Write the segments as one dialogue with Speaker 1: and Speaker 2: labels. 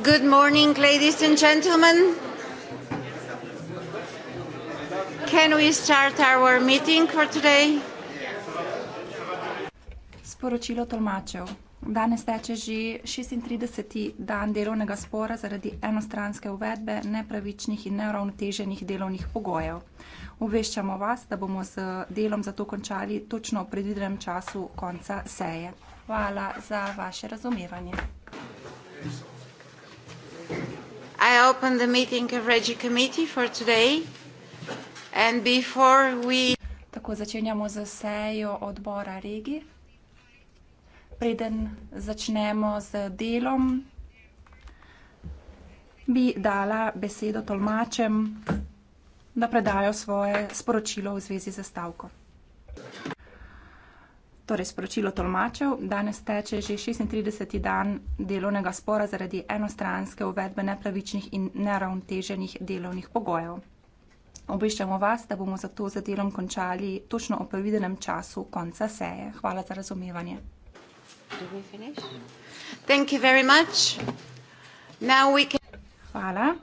Speaker 1: Good morning, ladies and gentlemen. Can we start our meeting for today?
Speaker 2: Sporočilo tolmačev. Danes teče že 36. dan delovnega spora zaradi enostranske uvedbe nepravičnih in neravnoteženih delovnih pogojev. Obveščamo vas, da bomo z delom zato končali točno v predvidenem času konca seje. Hvala za vaše razumevanje.
Speaker 1: I open the meeting of Regi Committee for today. And before we... Tako začenjamo z sejo odbora Regi.
Speaker 2: Preden začnemo z delom, bi dala besedo tolmačem, da predajo svoje sporočilo v zvezi z stavko torej sporočilo tolmačev, danes teče že 36. dan delovnega spora zaradi enostranske uvedbe nepravičnih in neravnoteženih delovnih pogojev. Obveščamo vas, da bomo zato za delom končali točno o previdenem času konca seje. Hvala za razumevanje. Hvala.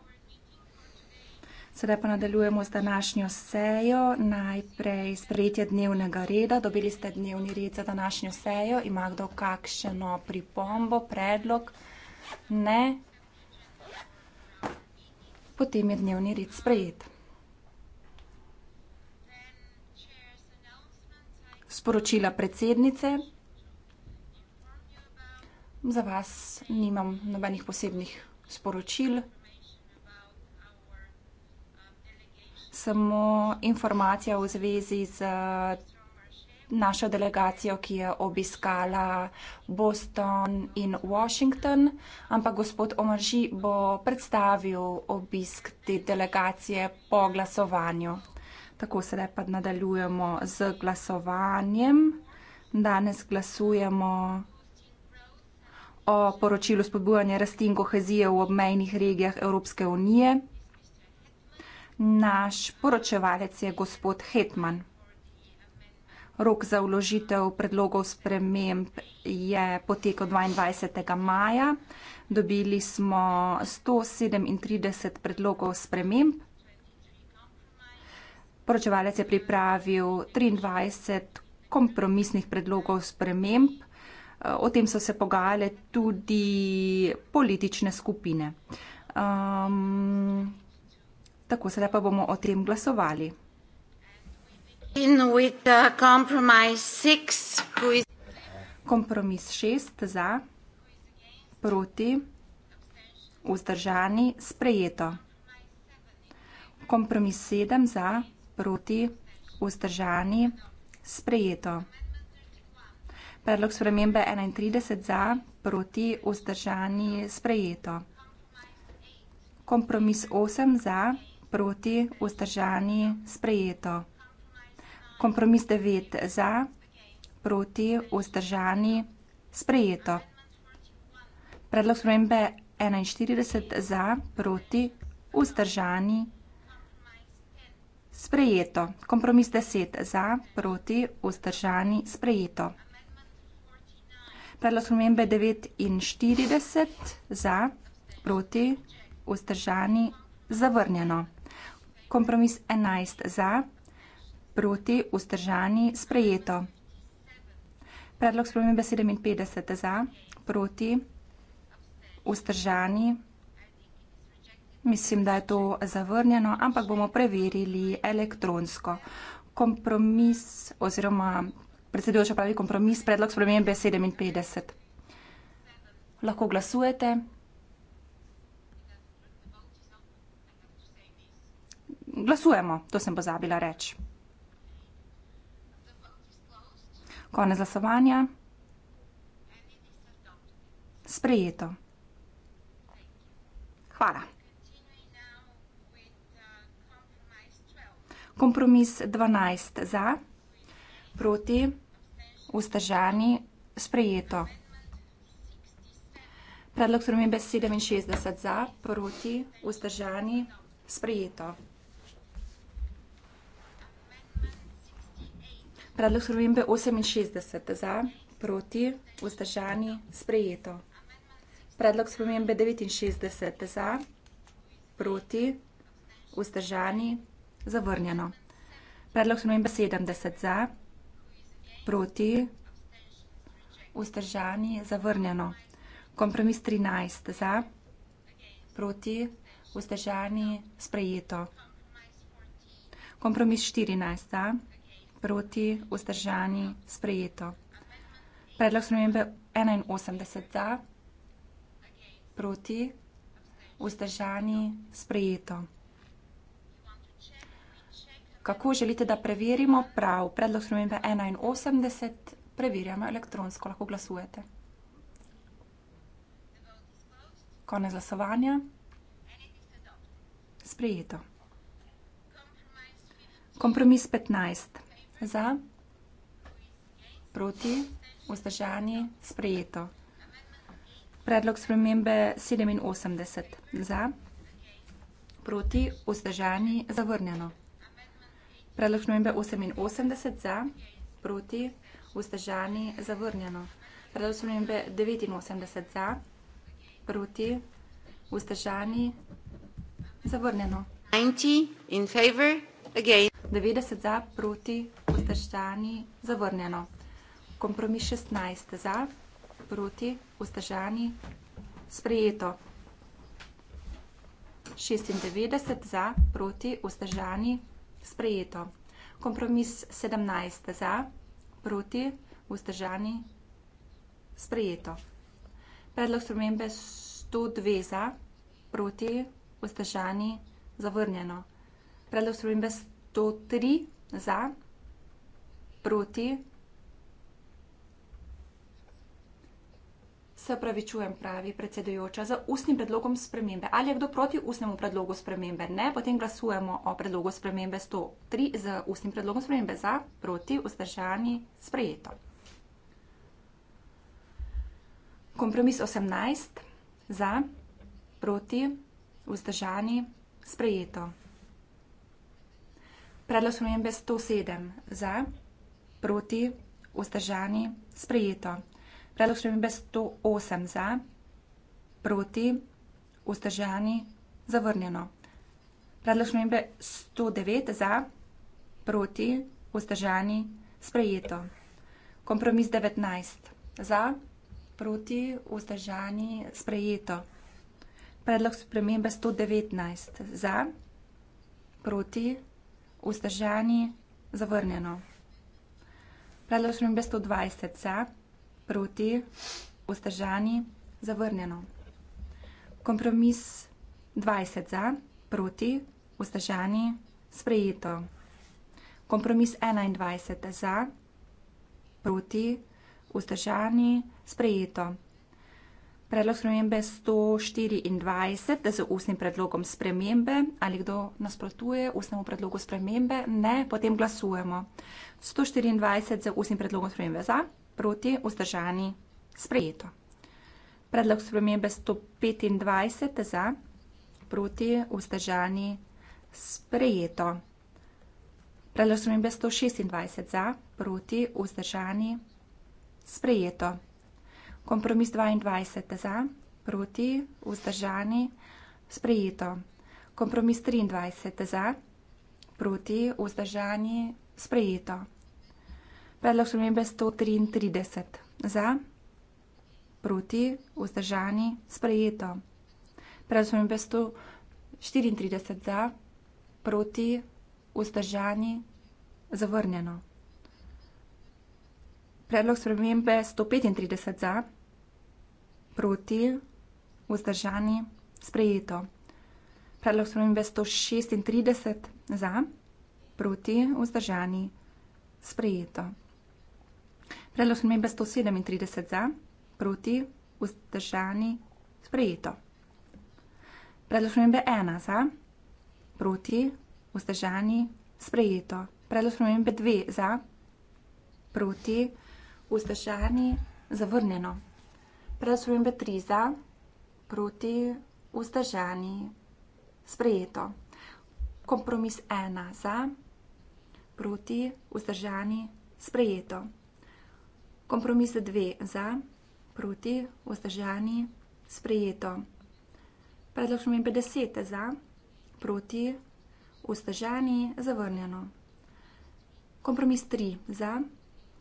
Speaker 2: Sedaj pa nadaljujemo z današnjo sejo, najprej sprejetje dnevnega reda. Dobili ste dnevni red za današnjo sejo. Ima kdo kakšno pripombo, predlog? Ne. Potem je dnevni red sprejet. Sporočila predsednice. Za vas nimam nobenih posebnih sporočil. samo informacija v zvezi z eh, našo delegacijo, ki je obiskala Boston in Washington, ampak gospod Omarži bo predstavil obisk te delegacije po glasovanju. Tako sedaj pa nadaljujemo z glasovanjem. Danes glasujemo o poročilu spodbujanja rasti in kohezije v obmejnih regijah Evropske unije. Naš poročevalec je gospod Hetman. Rok za vložitev predlogov sprememb je potekel 22. maja. Dobili smo 137 predlogov sprememb. Poročevalec je pripravil 23 kompromisnih predlogov sprememb. O tem so se pogajale tudi politične skupine. Um, tako sedaj pa bomo o tem glasovali.
Speaker 1: Kompromis šest za, proti,
Speaker 2: vzdržani, sprejeto. Kompromis sedem za, proti, vzdržani, sprejeto. Predlog spremembe 31 za, proti, vzdržani, sprejeto. Kompromis 8 za, proti, vzdržani, sprejeto proti, vzdržani, sprejeto. Kompromis devet za, proti, vzdržani, sprejeto. Predlog spremembe 41 za, proti, vzdržani, sprejeto. Kompromis 10 za, proti, vzdržani, sprejeto. Predlog spremembe 49 za, proti, vzdržani, zavrnjeno kompromis 11 za, proti, vzdržani, sprejeto. Predlog spremembe 57 za, proti, vzdržani. Mislim, da je to zavrnjeno, ampak bomo preverili elektronsko. Kompromis oziroma predsedujoča pravi kompromis, predlog spremembe 57. Lahko glasujete. glasujemo, to sem pozabila reči. Konec glasovanja. Sprejeto. Hvala. Kompromis 12 za, proti, vzdržani, sprejeto. Predlog spremembe 67 za, proti, vzdržani, sprejeto. Predlog spremembe 68 za, proti, vzdržani, sprejeto. Predlog spremembe 69 za, proti, vzdržani, zavrnjeno. Predlog spremembe 70 za, proti, vzdržani, zavrnjeno. Kompromis 13 za, proti, vzdržani, sprejeto. Kompromis 14 za, proti, vzdržani, sprejeto proti, vzdržani, sprejeto. Predlog spremembe 81 za, proti, vzdržani, sprejeto. Kako želite, da preverimo prav? Predlog spremembe 81 preverjamo elektronsko, lahko glasujete. Konec glasovanja. Sprejeto. Kompromis 15. Za? Proti? Vzdržani? Sprejeto. Predlog spremembe sedeminosemdeset. Za? Proti? Vzdržani? Zavrnjeno. Predlog spremembe oseminosemdeset. Za? Proti? Vzdržani? Zavrnjeno. Predlog spremembe devetinosemdeset. Za? Proti? Vzdržani? Zavrnjeno. devetdeset za, proti vzdržani, zavrnjeno. Kompromis 16 za, proti, vzdržani, sprejeto. 96 za, proti, vzdržani, sprejeto. Kompromis 17 za, proti, vzdržani, sprejeto. Predlog spremembe 102 za, proti, vzdržani, zavrnjeno. Predlog spremembe 103 za, proti, vzdržani, sprejeto proti. Se pravičujem, pravi predsedujoča, za ustnim predlogom spremembe. Ali je kdo proti ustnemu predlogu spremembe? Ne, potem glasujemo o predlogu spremembe 103 z ustnim predlogom spremembe za, proti, vzdržani, sprejeto. Kompromis 18 za, proti, vzdržani, sprejeto. Predlog spremembe 107 za proti, vzdržani, sprejeto. Predlog spremembe 108 za, proti, vzdržani, zavrnjeno. Predlog spremembe 109 za, proti, vzdržani, sprejeto. Kompromis 19 za, proti, vzdržani, sprejeto. Predlog spremembe 119 za, proti, vzdržani, zavrnjeno. Predlog spremembe 120 za, proti, vzdržani, zavrnjeno. Kompromis 20 za, proti, vzdržani, sprejeto. Kompromis 21 za, proti, vzdržani, sprejeto. Predlog spremembe 124, da se ustnim predlogom spremembe. Ali kdo nasprotuje ustnemu predlogu spremembe? Ne, potem glasujemo. 124 za ustnim predlogom spremembe za, proti, vzdržani, sprejeto. Predlog spremembe 125 za, proti, vzdržani, sprejeto. Predlog spremembe 126 za, proti, vzdržani, sprejeto. Kompromis 22 za, proti, vzdržani, sprejeto. Kompromis 23 za, proti, vzdržani, sprejeto. Predlog spremembe 133 za, proti, vzdržani, sprejeto. Predlog spremembe 134 za, proti, vzdržani, zavrnjeno predlog spremembe 135 za, proti, vzdržani, sprejeto. Predlog spremembe 136 za, proti, vzdržani, sprejeto. Predlog spremembe 137 za, proti, vzdržani, sprejeto. Predlog spremembe 1 za, proti, vzdržani, sprejeto. Predlog spremembe 2 za, proti, vzdržani, sprejeto. Ustašarni zavrnjeno. Preslujembe 3 za, proti Ustašarni sprejeto. Kompromis 1 za, proti Ustašarni sprejeto. Kompromis 2 za, proti Ustašarni sprejeto. Preslujembe 10 za, proti Ustašarni zavrnjeno. Kompromis 3 za,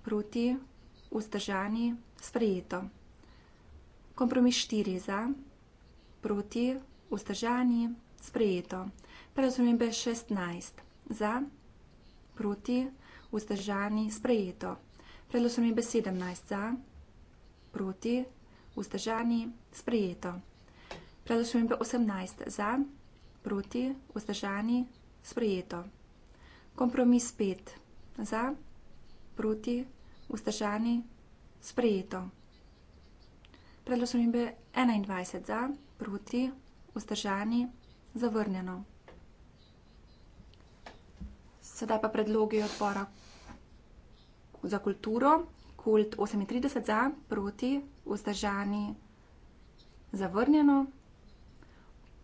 Speaker 2: proti Ustašarni sprejeto vzdržani, sprejeto. Kompromis štiri za, proti, vzdržani, sprejeto. Prazumembe šestnajst za, proti, vzdržani, sprejeto. Prazumembe sedemnajst za, proti, vzdržani, sprejeto. Prazumembe osemnajst za, proti, vzdržani, sprejeto. Kompromis pet za, proti, vzdržani, sprejeto vzdržani, sprejeto. Predlog spremembe 21 za, proti, vzdržani, zavrnjeno. Sedaj pa predlogi odbora za kulturo. Kult 38 za, proti, vzdržani, zavrnjeno.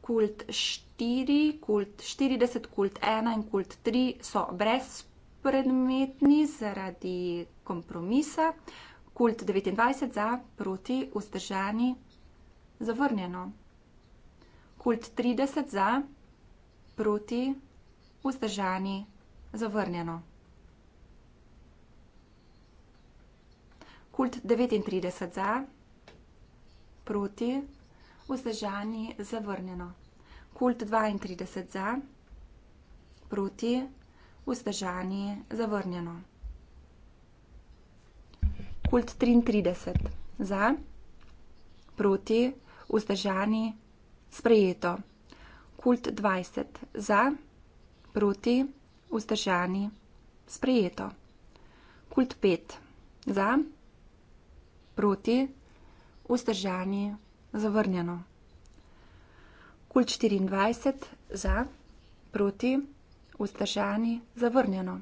Speaker 2: Kult 4, kult 40, kult 1 in kult 3 so brezpredmetni zaradi kompromise. Kult 29 za, proti, vzdržani, zavrnjeno. Kult 30 za, proti, vzdržani, zavrnjeno. Kult 39 za, proti, vzdržani, zavrnjeno. Kult 32 za, proti, vzdržani, zavrnjeno kult 33. Za, proti, vzdržani, sprejeto. Kult 20. Za, proti, vzdržani, sprejeto. Kult 5. Za, proti, vzdržani, zavrnjeno. Kult 24. Za, proti, vzdržani, zavrnjeno.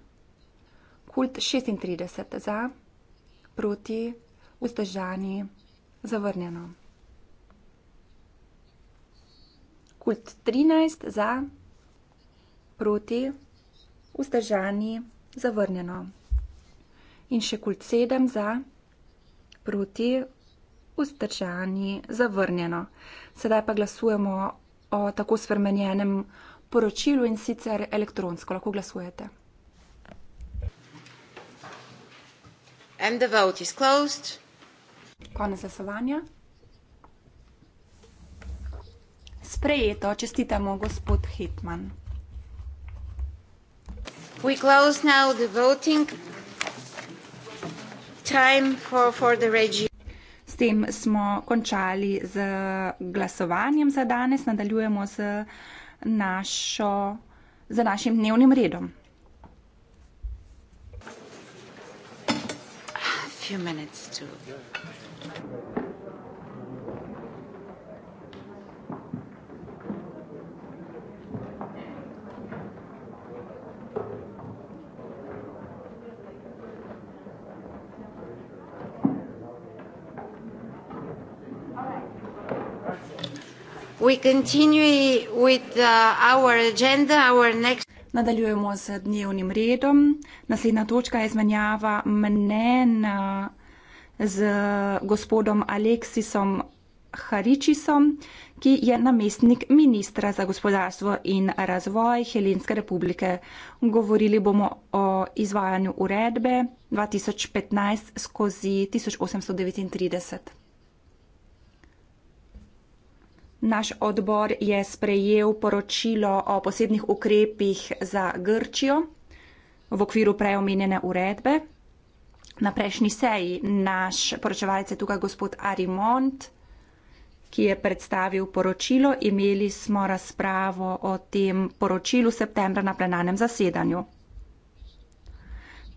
Speaker 2: Kult 36. Za, proti, vzdržani, zavrnjeno proti, vzdržani, zavrnjeno. Kult 13 za, proti, vzdržani, zavrnjeno. In še kult 7 za, proti, vzdržani, zavrnjeno. Sedaj pa glasujemo o tako spremenjenem poročilu in sicer elektronsko. Lahko glasujete.
Speaker 1: and the vote is closed. Konec glasovanja.
Speaker 2: Sprejeto, čestitamo gospod Hitman. We
Speaker 1: close now the voting
Speaker 2: time for, for the regi. S tem smo končali z glasovanjem za danes, nadaljujemo z, našo, z našim dnevnim redom.
Speaker 1: few minutes to. We continue with uh, our agenda. Our next Nadaljujemo z dnevnim
Speaker 2: redom. Naslednja točka je izmenjava mnenja z gospodom Aleksisom Haričisom, ki je namestnik ministra za gospodarstvo in razvoj Helenske republike. Govorili bomo o izvajanju uredbe 2015 skozi 1839. Naš odbor je sprejel poročilo o posebnih ukrepih za Grčijo v okviru preomenjene uredbe. Na prejšnji seji naš poročevalec je tukaj gospod Arimont, ki je predstavil poročilo. Imeli smo razpravo o tem poročilu septembra na plenarnem zasedanju.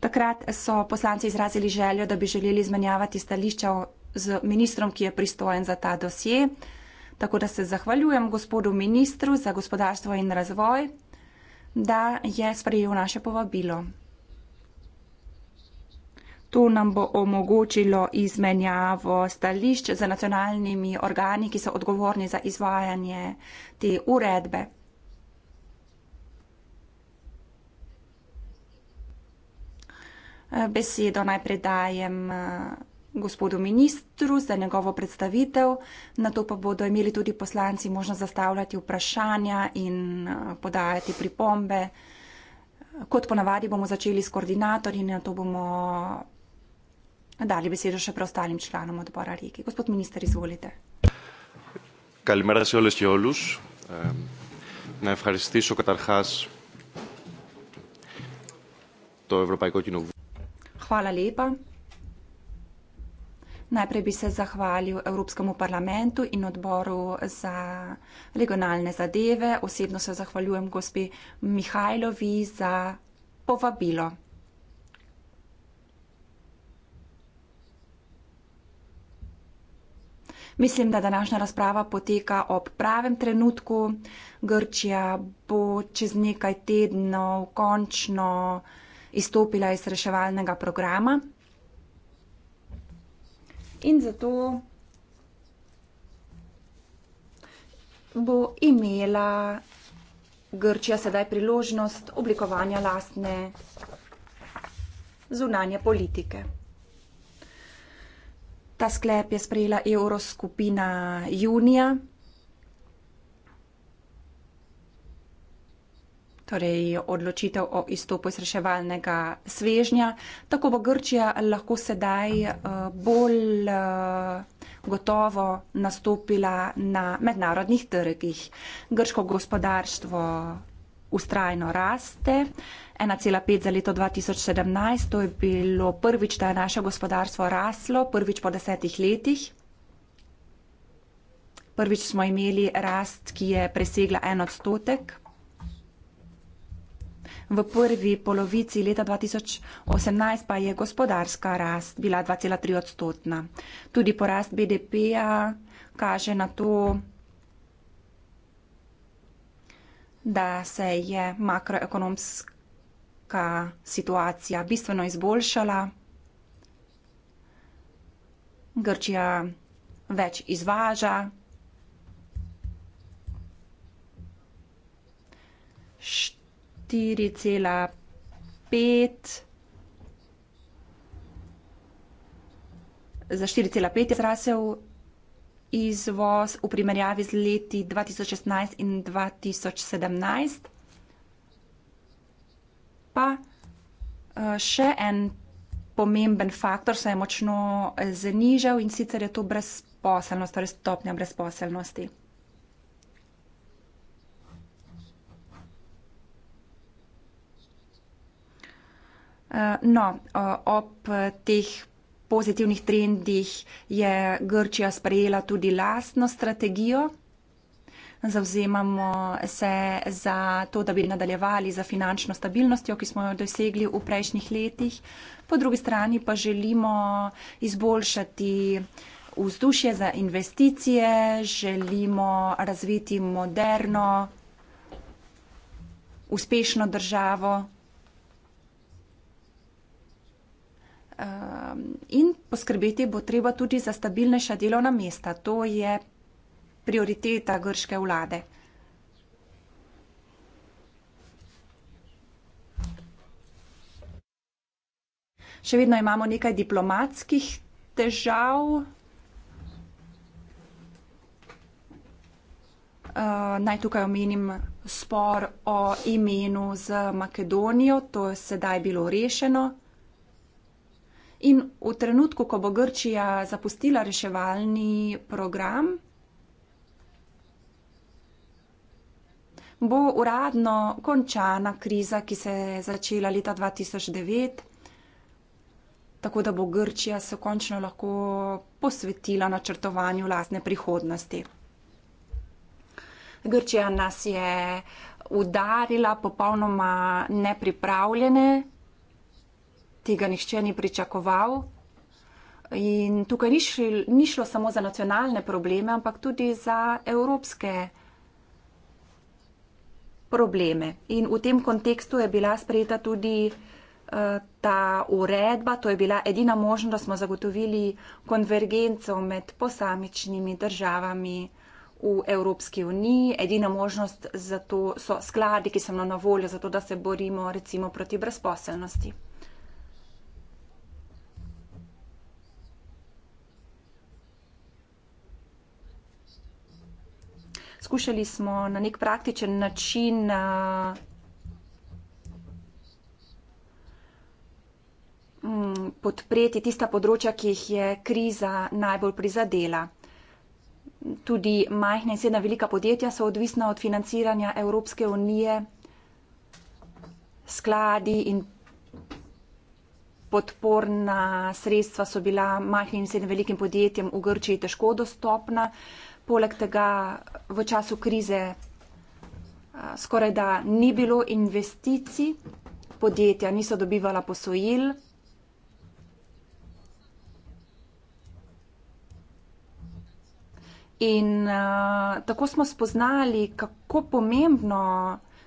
Speaker 2: Takrat so poslanci izrazili željo, da bi želeli izmenjavati stališča z ministrom, ki je pristojen za ta dosje. Tako da se zahvaljujem gospodu ministru za gospodarstvo in razvoj, da je sprejel naše povabilo. To nam bo omogočilo izmenjavo stališč z nacionalnimi organi, ki so odgovorni za izvajanje te uredbe. Besedo naj predajem gospodu ministru za njegovo predstavitev, na to pa bodo imeli tudi poslanci možnost zastavljati vprašanja in eh, podajati pripombe. Kot ponavadi bomo začeli s koordinatorji in na to bomo dali besedo še preostalim članom odbora Rigi. Gospod minister, izvolite.
Speaker 3: Kalimera se oles je olus. Na evharistišo katarhas
Speaker 4: to evropajko kino.
Speaker 2: Hvala lepa. Najprej bi se zahvalil Evropskemu parlamentu in odboru za regionalne zadeve. Osebno se zahvaljujem gospi Mihajlovi za povabilo. Mislim, da današnja razprava poteka ob pravem trenutku. Grčija bo čez nekaj tednov končno izstopila iz reševalnega programa in zato bo imela Grčija sedaj priložnost oblikovanja lastne zunanje politike. Ta sklep je sprejela evroskupina junija torej odločitev o izstopu iz reševalnega svežnja. Tako bo Grčija lahko sedaj eh, bolj eh, gotovo nastopila na mednarodnih trgih. Grško gospodarstvo ustrajno raste. 1,5 za leto 2017, to je bilo prvič, da je naše gospodarstvo raslo, prvič po desetih letih. Prvič smo imeli rast, ki je presegla en odstotek. V prvi polovici leta 2018 pa je gospodarska rast bila 2,3 odstotna. Tudi porast BDP-ja kaže na to, da se je makroekonomska situacija bistveno izboljšala. Grčija več izvaža. Št štiri cela pet. Za 4,5 je zrasel izvoz v primerjavi z leti 2016 in 2017. Pa eh, še en pomemben faktor se je močno eh, znižal in sicer je to brezposelnost, torej stopnja brezposelnosti. Eh, no, ob teh pozitivnih trendih je Grčija sprejela tudi lastno strategijo. Zavzemamo se za to, da bi nadaljevali za finančno stabilnostjo, ki smo jo dosegli v prejšnjih letih. Po drugi strani pa želimo izboljšati vzdušje za investicije, želimo razviti moderno, uspešno državo. Ehm, in poskrbeti bo treba tudi za stabilnejša delovna mesta. To je prioriteta grške vlade. Še vedno imamo nekaj diplomatskih težav. Ehm, naj tukaj omenim spor o imenu z Makedonijo, to je sedaj bilo rešeno. In v trenutku, ko bo Grčija zapustila reševalni program, bo uradno končana kriza, ki se je začela leta 2009, tako da bo Grčija se končno lahko posvetila načrtovanju lastne prihodnosti. Grčija nas je udarila popolnoma nepripravljene tega nihče ni pričakoval. In tukaj ni, šil, ni šlo samo za nacionalne probleme, ampak tudi za evropske probleme. In v tem kontekstu je bila sprejeta tudi eh, ta uredba, to je bila edina možnost, da smo zagotovili konvergenco med posamičnimi državami v Evropski uniji. Edina možnost za to so skladi, ki so nam na voljo, zato da se borimo recimo proti brezposelnosti. Skušali smo na nek praktičen način eh, mm, podpreti tista področja, ki jih je kriza najbolj prizadela. Tudi majhna in sedna velika podjetja so odvisna od financiranja Evropske unije, skladi in podporna sredstva so bila majhnim in sedem velikim podjetjem v Grčiji težko dostopna. Uh, Poleg tega v času krize skoraj da ni bilo investicij, podjetja niso dobivala posojil. In uh, tako smo spoznali, kako, pomembno,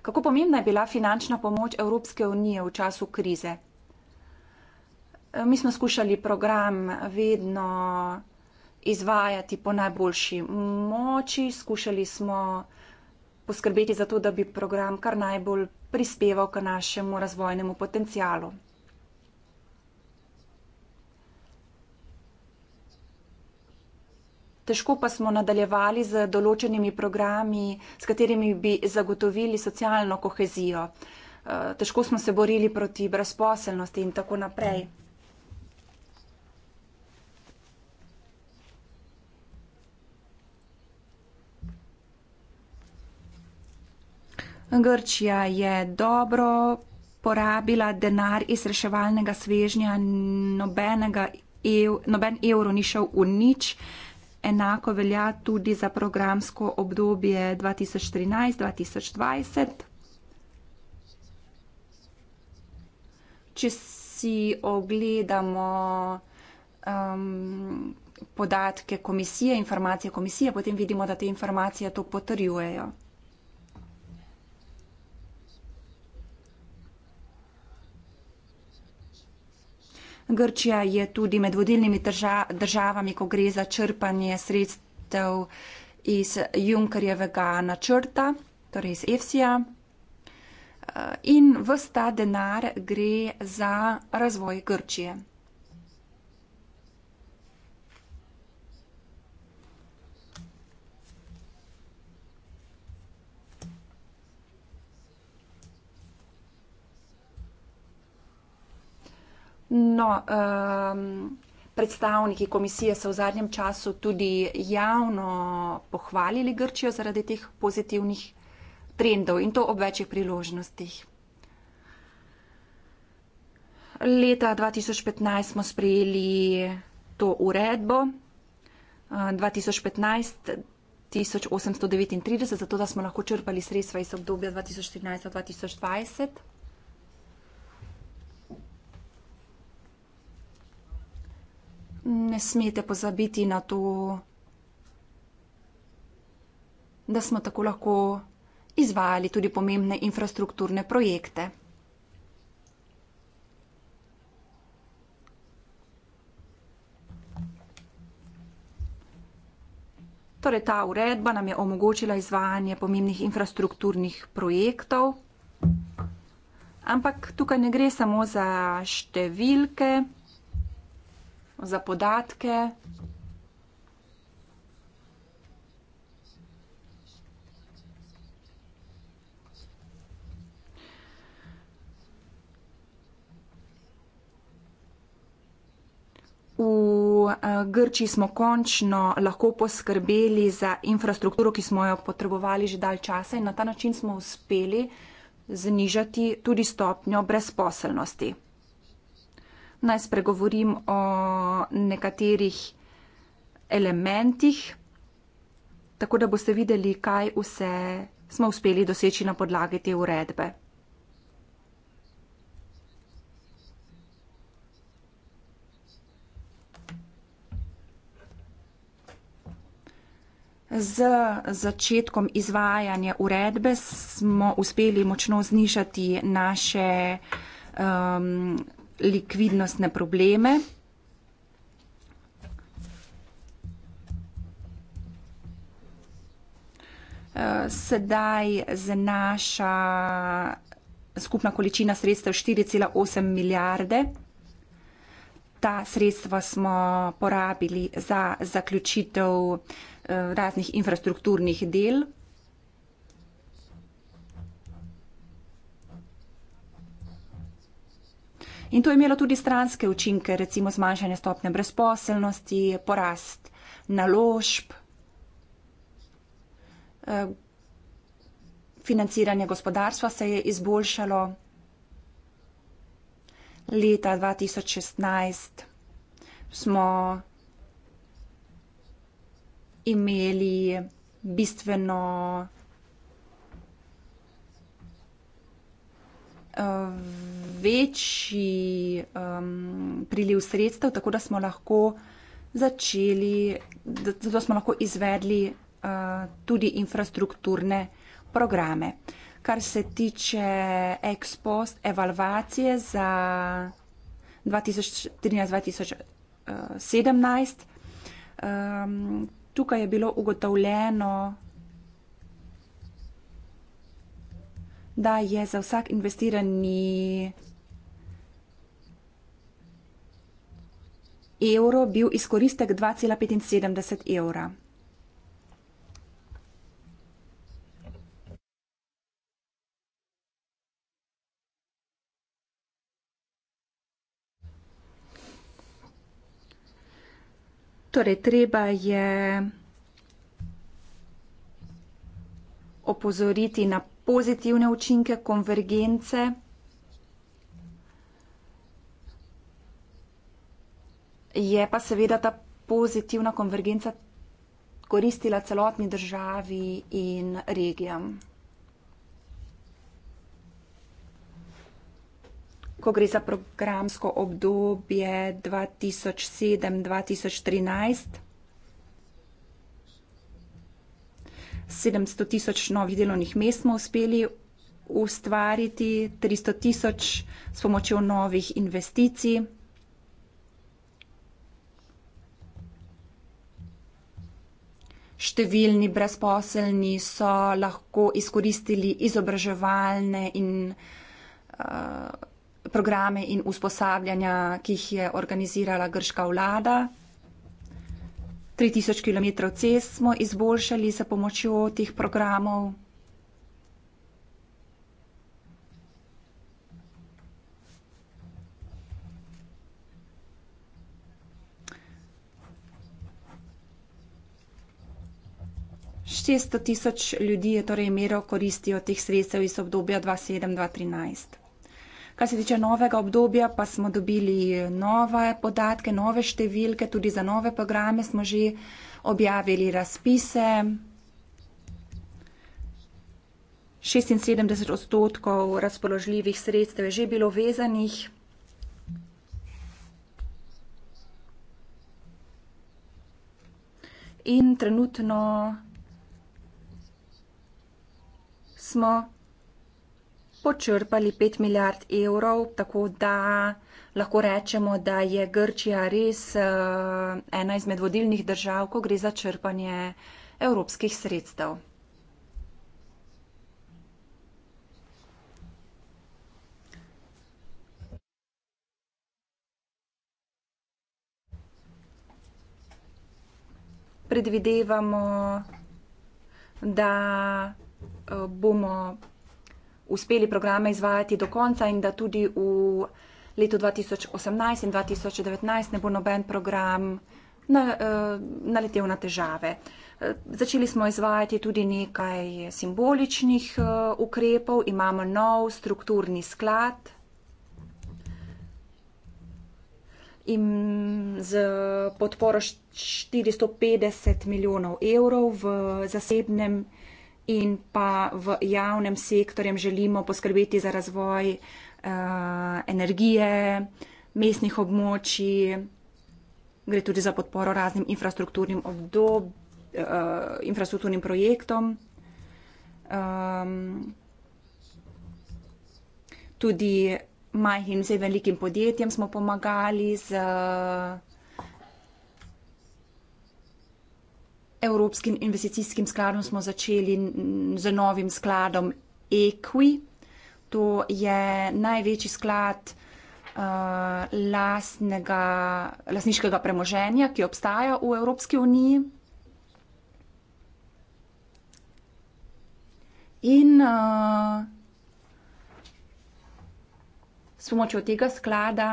Speaker 2: kako pomembna je bila finančna pomoč Evropske unije v času krize. E, mi smo skušali program vedno izvajati po najboljši moči. Skušali smo poskrbeti za to, da bi program kar najbolj prispeval k našemu razvojnemu potencialu. Težko pa smo nadaljevali z določenimi programi, s katerimi bi zagotovili socialno kohezijo. Težko smo se borili proti brezposelnosti in tako naprej. Mm. Grčija je dobro porabila denar iz reševalnega svežnja, ev, noben evro ni šel v nič. Enako velja tudi za programsko obdobje 2013-2020. Če si ogledamo um, podatke komisije, informacije komisije, potem vidimo, da te informacije to potrjujejo. Grčija je tudi med vodilnimi drža državami, ko gre za črpanje sredstev iz Junkerjevega načrta, torej iz EFSI-ja. Eh, in vsta denar gre za razvoj Grčije. No, um, predstavniki komisije so v zadnjem času tudi javno pohvalili Grčijo zaradi teh pozitivnih trendov in to ob večjih priložnostih. Leta 2015 smo sprejeli to uredbo 2015-1839, eh, zato da smo lahko črpali sredstva iz obdobja 2013-2020. ne smete pozabiti na to, da smo tako lahko izvajali tudi pomembne infrastrukturne projekte. Torej, ta uredba nam je omogočila izvajanje pomembnih infrastrukturnih projektov, ampak tukaj ne gre samo za številke za podatke. V eh, Grčiji smo končno lahko poskrbeli za infrastrukturo, ki smo jo potrebovali že dalj časa in na ta način smo uspeli znižati tudi stopnjo brezposelnosti naj spregovorim o nekaterih elementih, tako da boste videli, kaj vse smo uspeli doseči na podlagi te uredbe. Z začetkom izvajanja uredbe smo uspeli močno znižati naše um, likvidnostne probleme. Eh, sedaj znaša skupna količina sredstev 4,8 milijarde. Ta sredstva smo porabili za zaključitev eh, raznih infrastrukturnih del. In to je imelo tudi stranske učinke, recimo zmanjšanje stopne brezposelnosti, porast naložb, eh, financiranje gospodarstva se je izboljšalo leta 2016 smo imeli bistveno Eh, večji um, priliv sredstev, tako da smo lahko začeli, zato smo lahko izvedli uh, tudi infrastrukturne programe. Kar se tiče ekspost evalvacije za 2013-2017, um, eh, tukaj je bilo ugotovljeno, da je za vsak investirani evro bil izkoristek 2,75 evra. Torej, treba je opozoriti na pozitivne učinke konvergence. Je pa seveda ta pozitivna konvergenca koristila celotni državi in regijam. Ko gre za programsko obdobje 2007-2013, 700 tisoč novih delovnih mest smo uspeli ustvariti, 300 tisoč s pomočjo novih investicij. Številni brezposelni so lahko izkoristili izobraževalne in eh, programe in usposabljanja, ki jih je organizirala grška vlada. 3000 km cest smo izboljšali za pomočjo teh programov. Šeststo tisoč ljudi je torej imelo koristi od teh sredstev iz obdobja dva sedem dva trinajst. Kar se tiče novega obdobja, pa smo dobili nove podatke, nove številke, tudi za nove programe smo že objavili razpise. 76 odstotkov razpoložljivih sredstev je že bilo vezanih. In trenutno smo počrpali 5 milijard evrov, tako da lahko rečemo, da je Grčija res eh, ena izmed vodilnih držav, ko gre za črpanje evropskih sredstev. Predvidevamo, da eh, bomo uspeli programe izvajati do konca in da tudi v letu 2018 in 2019 ne bo noben program na, uh, naletel na težave. Eh, začeli smo izvajati tudi nekaj simboličnih uh, ukrepov, imamo nov strukturni sklad. In z podporo 450 milijonov evrov v zasebnem in pa v javnem sektorju želimo poskrbeti za razvoj uh, energije, mestnih območij, gre tudi za podporo raznim infrastrukturnim, obdob, uh, infrastrukturnim projektom. Um, tudi majhnim in velikim podjetjem smo pomagali z. Uh, Evropskim investicijskim skladom smo začeli z novim skladom Equi. To je največji sklad uh, lastnega, lasniškega premoženja, ki obstaja v Evropski uniji. In uh, s pomočjo tega sklada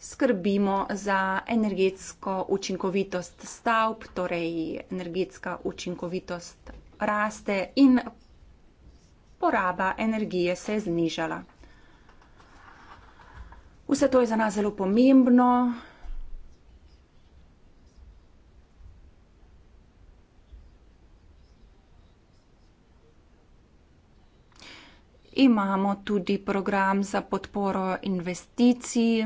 Speaker 2: skrbimo za energetsko učinkovitost stavb, torej energetska učinkovitost raste in poraba energije se je znižala. Vse to je za nas zelo pomembno. Imamo tudi program za podporo investicij.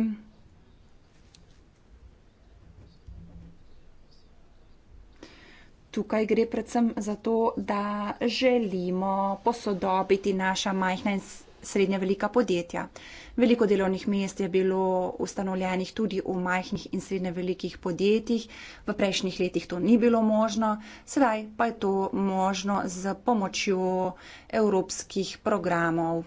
Speaker 2: tukaj gre predvsem za to, da želimo posodobiti naša majhna in srednja velika podjetja. Veliko delovnih mest je bilo ustanovljenih tudi v majhnih in srednje velikih podjetjih. V prejšnjih letih to ni bilo možno, sedaj pa je to možno z pomočjo evropskih programov.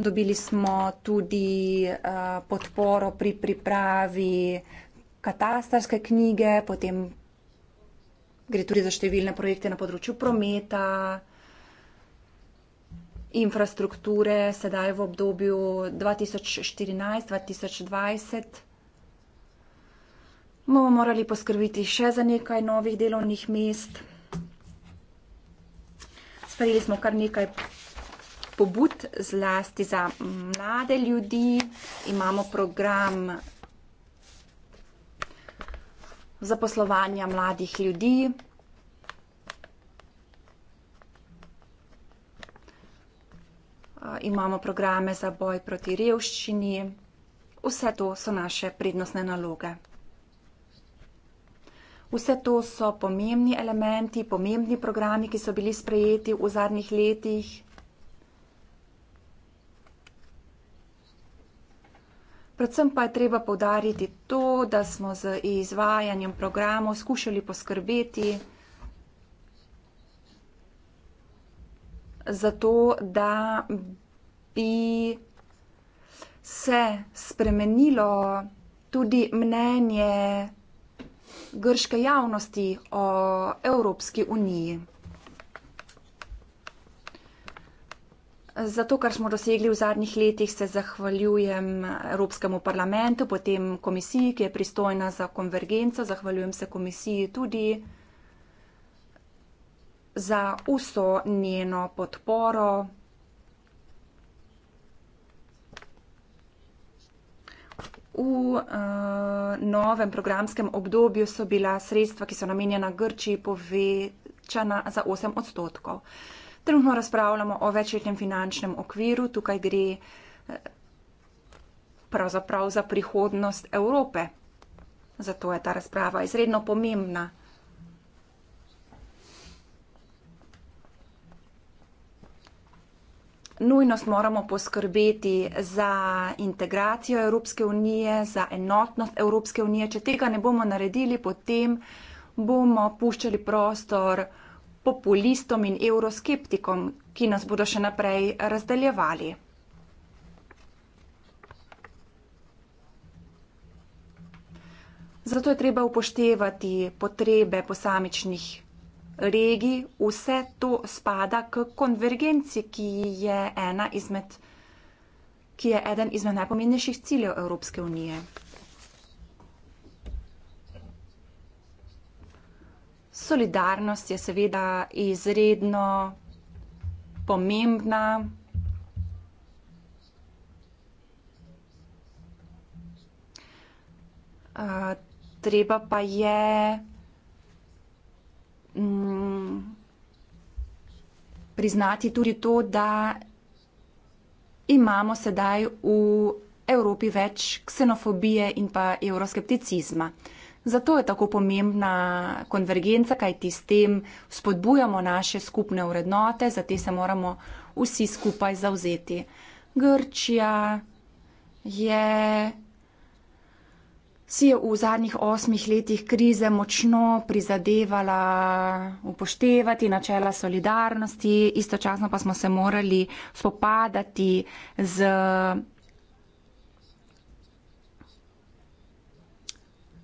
Speaker 2: Dobili smo tudi uh, podporo pri pripravi katastarske knjige, potem gre tudi za številne projekte na področju prometa, infrastrukture, sedaj v obdobju 2014-2020. Bomo morali poskrbiti še za nekaj novih delovnih mest. Sprejeli smo kar nekaj pobud zlasti za mlade ljudi. Imamo program zaposlovanja mladih ljudi, imamo programe za boj proti revščini, vse to so naše prednostne naloge. Vse to so pomembni elementi, pomembni programi, ki so bili sprejeti v zadnjih letih. Predvsem pa je treba povdariti to, da smo z izvajanjem programov skušali poskrbeti za to, da bi se spremenilo tudi mnenje grške javnosti o Evropski uniji. Za to, kar smo dosegli v zadnjih letih, se zahvaljujem Evropskemu parlamentu, potem komisiji, ki je pristojna za konvergenco, zahvaljujem se komisiji tudi za vso njeno podporo. V uh, novem programskem obdobju so bila sredstva, ki so namenjena Grčiji, povečana za 8 odstotkov. Uh, trenutno razpravljamo o večletnem finančnem okviru, tukaj gre eh, pravzaprav za prihodnost Evrope. Zato je ta razprava izredno pomembna. Nujnost moramo poskrbeti za integracijo Evropske unije, za enotnost Evropske unije. Če tega ne bomo naredili, potem bomo puščali prostor uh, populistom in evroskeptikom, ki nas bodo še naprej razdeljevali. Zato je treba upoštevati potrebe posamičnih regij. Vse to spada k konvergenci, ki je, ena izmed, ki je eden izmed najpomembnejših ciljev Evropske unije. solidarnost je seveda izredno pomembna. Uh, treba pa je um, priznati tudi to, da imamo sedaj v Evropi več ksenofobije in pa evroskepticizma. Uh, Zato je tako pomembna konvergenca, kajti s tem spodbujamo naše skupne vrednote, za te se moramo vsi skupaj zauzeti. Grčija je, si je v zadnjih osmih letih krize močno prizadevala upoštevati načela solidarnosti, istočasno pa smo se morali spopadati z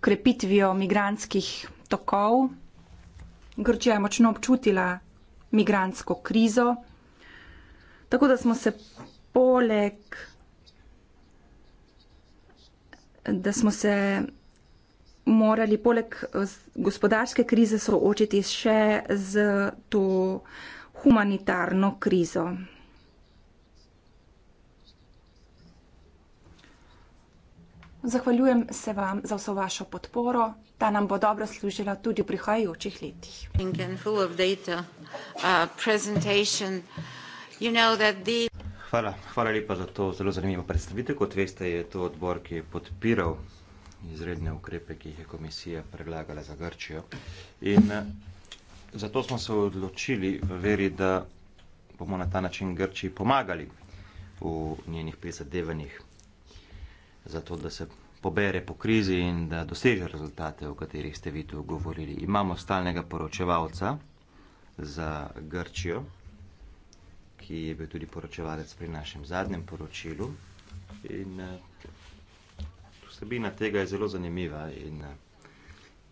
Speaker 2: ukrepitvijo migranskih tokov. Grčija je močno občutila migransko krizo, tako da smo se poleg, da smo se morali poleg gospodarske krize soočiti še z to humanitarno krizo. Zahvaljujem se vam za vso vašo podporo, ta nam bo dobro služila tudi v prihajajočih letih. Uh,
Speaker 3: hvala, hvala lepa za to zelo zanimivo predstavitev. Kot veste, je to odbor, ki je podpiral izredne ukrepe, ki jih je komisija predlagala za Grčijo. In uh, zato smo se odločili v veri, da bomo na ta način Grčiji pomagali v njenih prizadevanjih zato da se pobere po krizi in da doseže rezultate, o katerih ste vi tu govorili. Imamo stalnega poročevalca za Grčijo, ki je bil tudi poročevalec pri našem zadnjem poročilu. In eh, vsebina tega je zelo zanimiva in eh,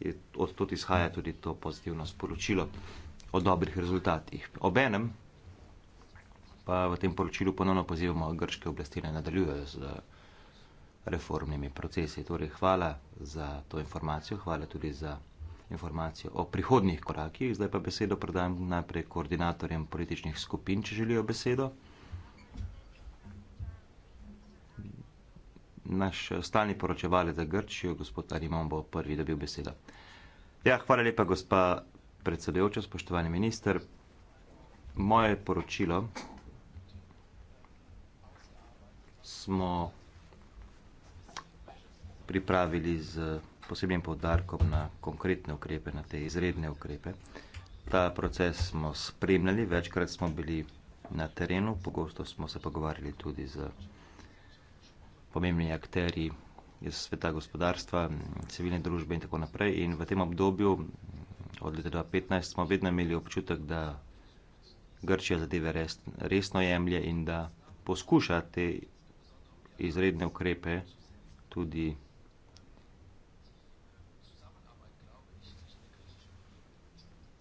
Speaker 3: je, od tudi izhaja tudi to pozitivno sporočilo o dobrih rezultatih. Obenem pa v tem poročilu ponovno pozivamo grške oblasti, da nadaljujejo z reformnimi procesi. Torej, hvala za to informacijo, hvala tudi za informacijo o prihodnih korakih. Zdaj pa besedo predam najprej koordinatorjem političnih skupin, če želijo besedo. Naš stalni poročevalec za Grčijo, gospod Arimon, bo prvi dobil besedo. Ja, hvala lepa, gospa predsedujoča, spoštovani minister. Moje poročilo smo pripravili z posebnim poudarkom na konkretne ukrepe, na te izredne ukrepe. Ta proces smo spremljali, večkrat smo bili na terenu, pogosto smo se pogovarjali tudi z pomembnimi akteri iz sveta gospodarstva, civilne družbe in tako naprej. In v tem obdobju od leta 2015 smo vedno imeli občutek, da Grčija zadeve res, resno jemlje in da poskuša te izredne ukrepe tudi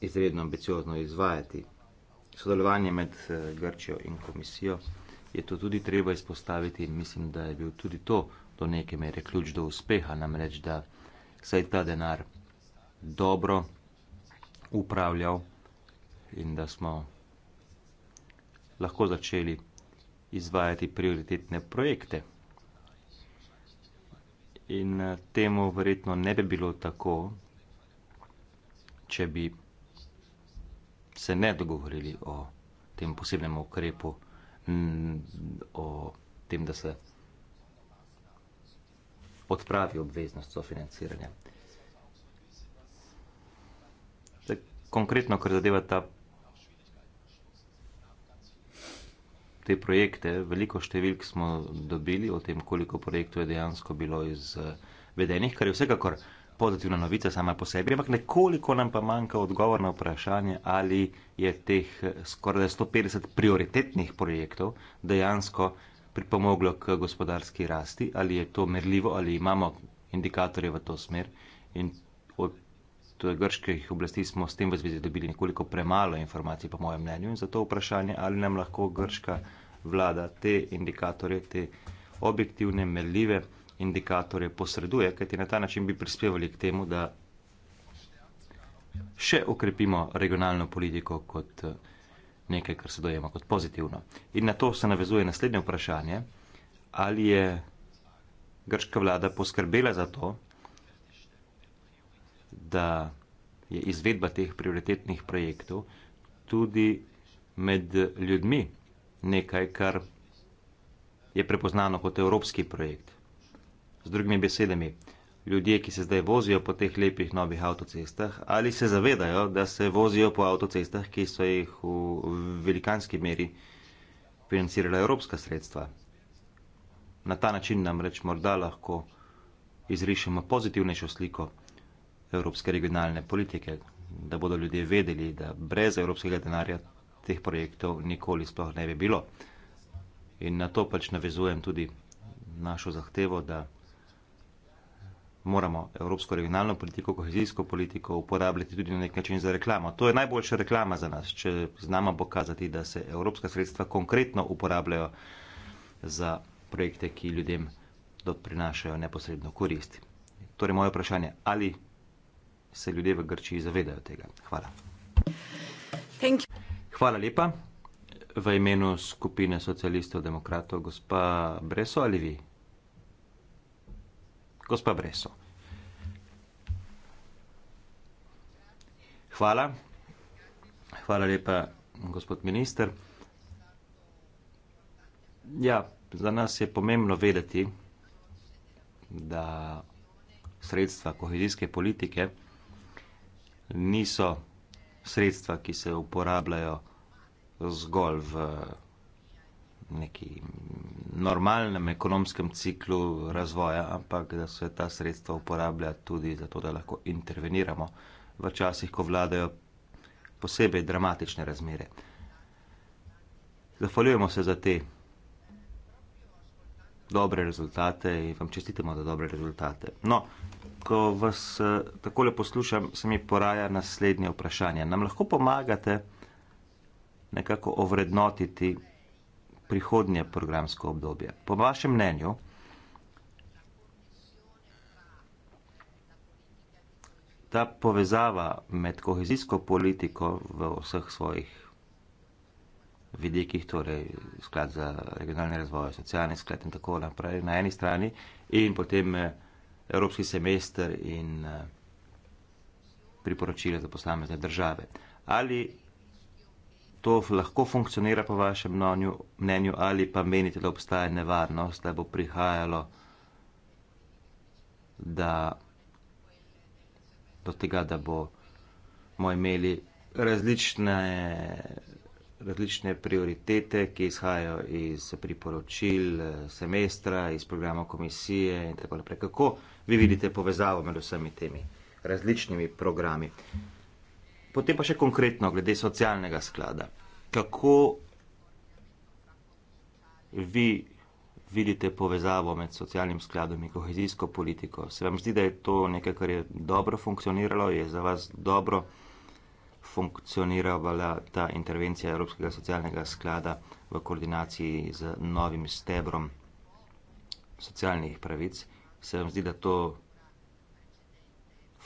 Speaker 3: izredno ambiciozno izvajati. Sodelovanje med eh, Grčjo in komisijo je to tudi treba izpostaviti in mislim, da je bil tudi to do neke mere ključ do uspeha, namreč da se je ta denar dobro upravljal in da smo lahko začeli izvajati prioritetne projekte. In eh, temu verjetno ne bi bilo tako, če bi se ne dogovorili o tem posebnem ukrepu, o tem, da se odpravi obveznost sofinanciranja. Zdaj, konkretno, kar zadeva ta, te projekte, veliko številk smo dobili o tem, koliko projektov je dejansko bilo izvedenih, kar je vsekakor pozitivna novica sama po sebi, ampak nekoliko nam pa manjka odgovor na vprašanje, ali je teh skoraj 150 prioritetnih projektov dejansko pripomoglo k gospodarski rasti, ali je to merljivo, ali imamo indikatorje v to smer. In Tudi grških oblasti smo s tem v zvezi dobili nekoliko premalo informacij, po mojem mnenju, in zato vprašanje, ali nam lahko grška vlada te indikatorje, te objektivne, merljive indikatorje posreduje, kajti na ta način bi prispevali k temu, da še okrepimo regionalno politiko kot eh, nekaj, kar se dojema kot pozitivno. In na to se navezuje naslednje vprašanje, ali je grška vlada poskrbela za to, da je izvedba teh prioritetnih projektov tudi med ljudmi nekaj, kar je prepoznano kot evropski projekt. Z drugimi besedami, ljudje, ki se zdaj vozijo po teh lepih novih avtocestah, ali se zavedajo, da se vozijo po avtocestah, ki so jih v velikanski meri financirala evropska sredstva. Na ta način nam reč morda lahko izrišemo pozitivnejšo sliko evropske regionalne politike, da bodo ljudje vedeli, da brez evropskega denarja teh projektov nikoli sploh ne bi bilo. In na to pač navezujem tudi našo zahtevo, da moramo evropsko regionalno politiko, kohezijsko politiko uporabljati tudi na nek način za reklamo. To je najboljša reklama za nas, če znamo pokazati, da se evropska sredstva konkretno uporabljajo za projekte, ki ljudem prinašajo neposredno korist. Torej, moje vprašanje, ali se ljudje v Grčiji zavedajo tega? Hvala. Hvala lepa. V imenu skupine socialistov, demokratov, gospa Breso ali vi? Gospa Breso. Hvala. Hvala lepa, gospod minister. Ja, za nas je pomembno vedeti, da sredstva kohezijske politike niso sredstva, ki se uporabljajo zgolj v neki normalnem ekonomskem ciklu razvoja, ampak da se ta sredstva uporablja tudi zato, da lahko interveniramo v časih, ko vladajo posebej dramatične razmere. Zahvaljujemo se za te dobre rezultate in vam čestitamo za dobre rezultate. No, ko vas eh, takole poslušam, se mi poraja naslednje vprašanje. Nam lahko pomagate nekako ovrednotiti prihodnje programsko obdobje. Po vašem mnenju, ta povezava med kohezijsko politiko v vseh svojih vidikih, torej sklad za regionalni razvoj, socialni sklad in tako naprej na eni strani in potem eh, evropski semester in eh, priporočila za posamezne države. Ali to lahko funkcionira po vašem mnenju, mnenju ali pa menite, da obstaja nevarnost, da bo prihajalo da, do tega, da bomo imeli različne, različne prioritete, ki izhajajo iz priporočil semestra, iz programa komisije in tako naprej. Kako vi vidite povezavo med vsemi temi različnimi programi? Mhm. Potem pa še konkretno, glede socialnega sklada. Kako vi vidite povezavo med socialnim skladom in kohezijsko politiko? Se vam zdi, da je to nekaj, kar je dobro funkcioniralo, je za vas dobro funkcionirala ta intervencija Evropskega socialnega sklada v koordinaciji z novim stebrom socialnih pravic? Se vam zdi, da to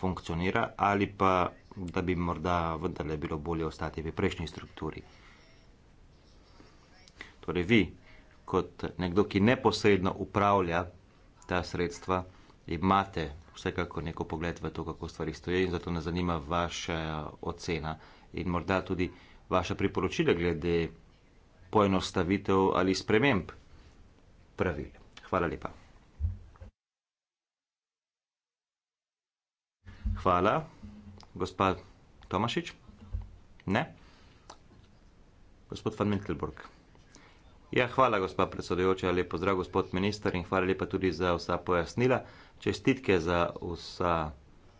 Speaker 3: funkcionira ali pa da bi morda vendarle bilo bolje ostati v prejšnji strukturi. Torej, vi, kot nekdo, ki neposredno upravlja ta sredstva, imate vsekako neko pogled v to, kako stvari stoje in zato me zanima vaša ocena in morda tudi vaša priporočila glede poenostavitev ali sprememb pravil. Hvala lepa. Hvala gospa Tomašič? Ne? Gospod van Miltelburg. Ja, hvala, gospa predsedujoča, lepo zdrav, gospod minister in hvala lepa tudi za vsa pojasnila. Čestitke za vsa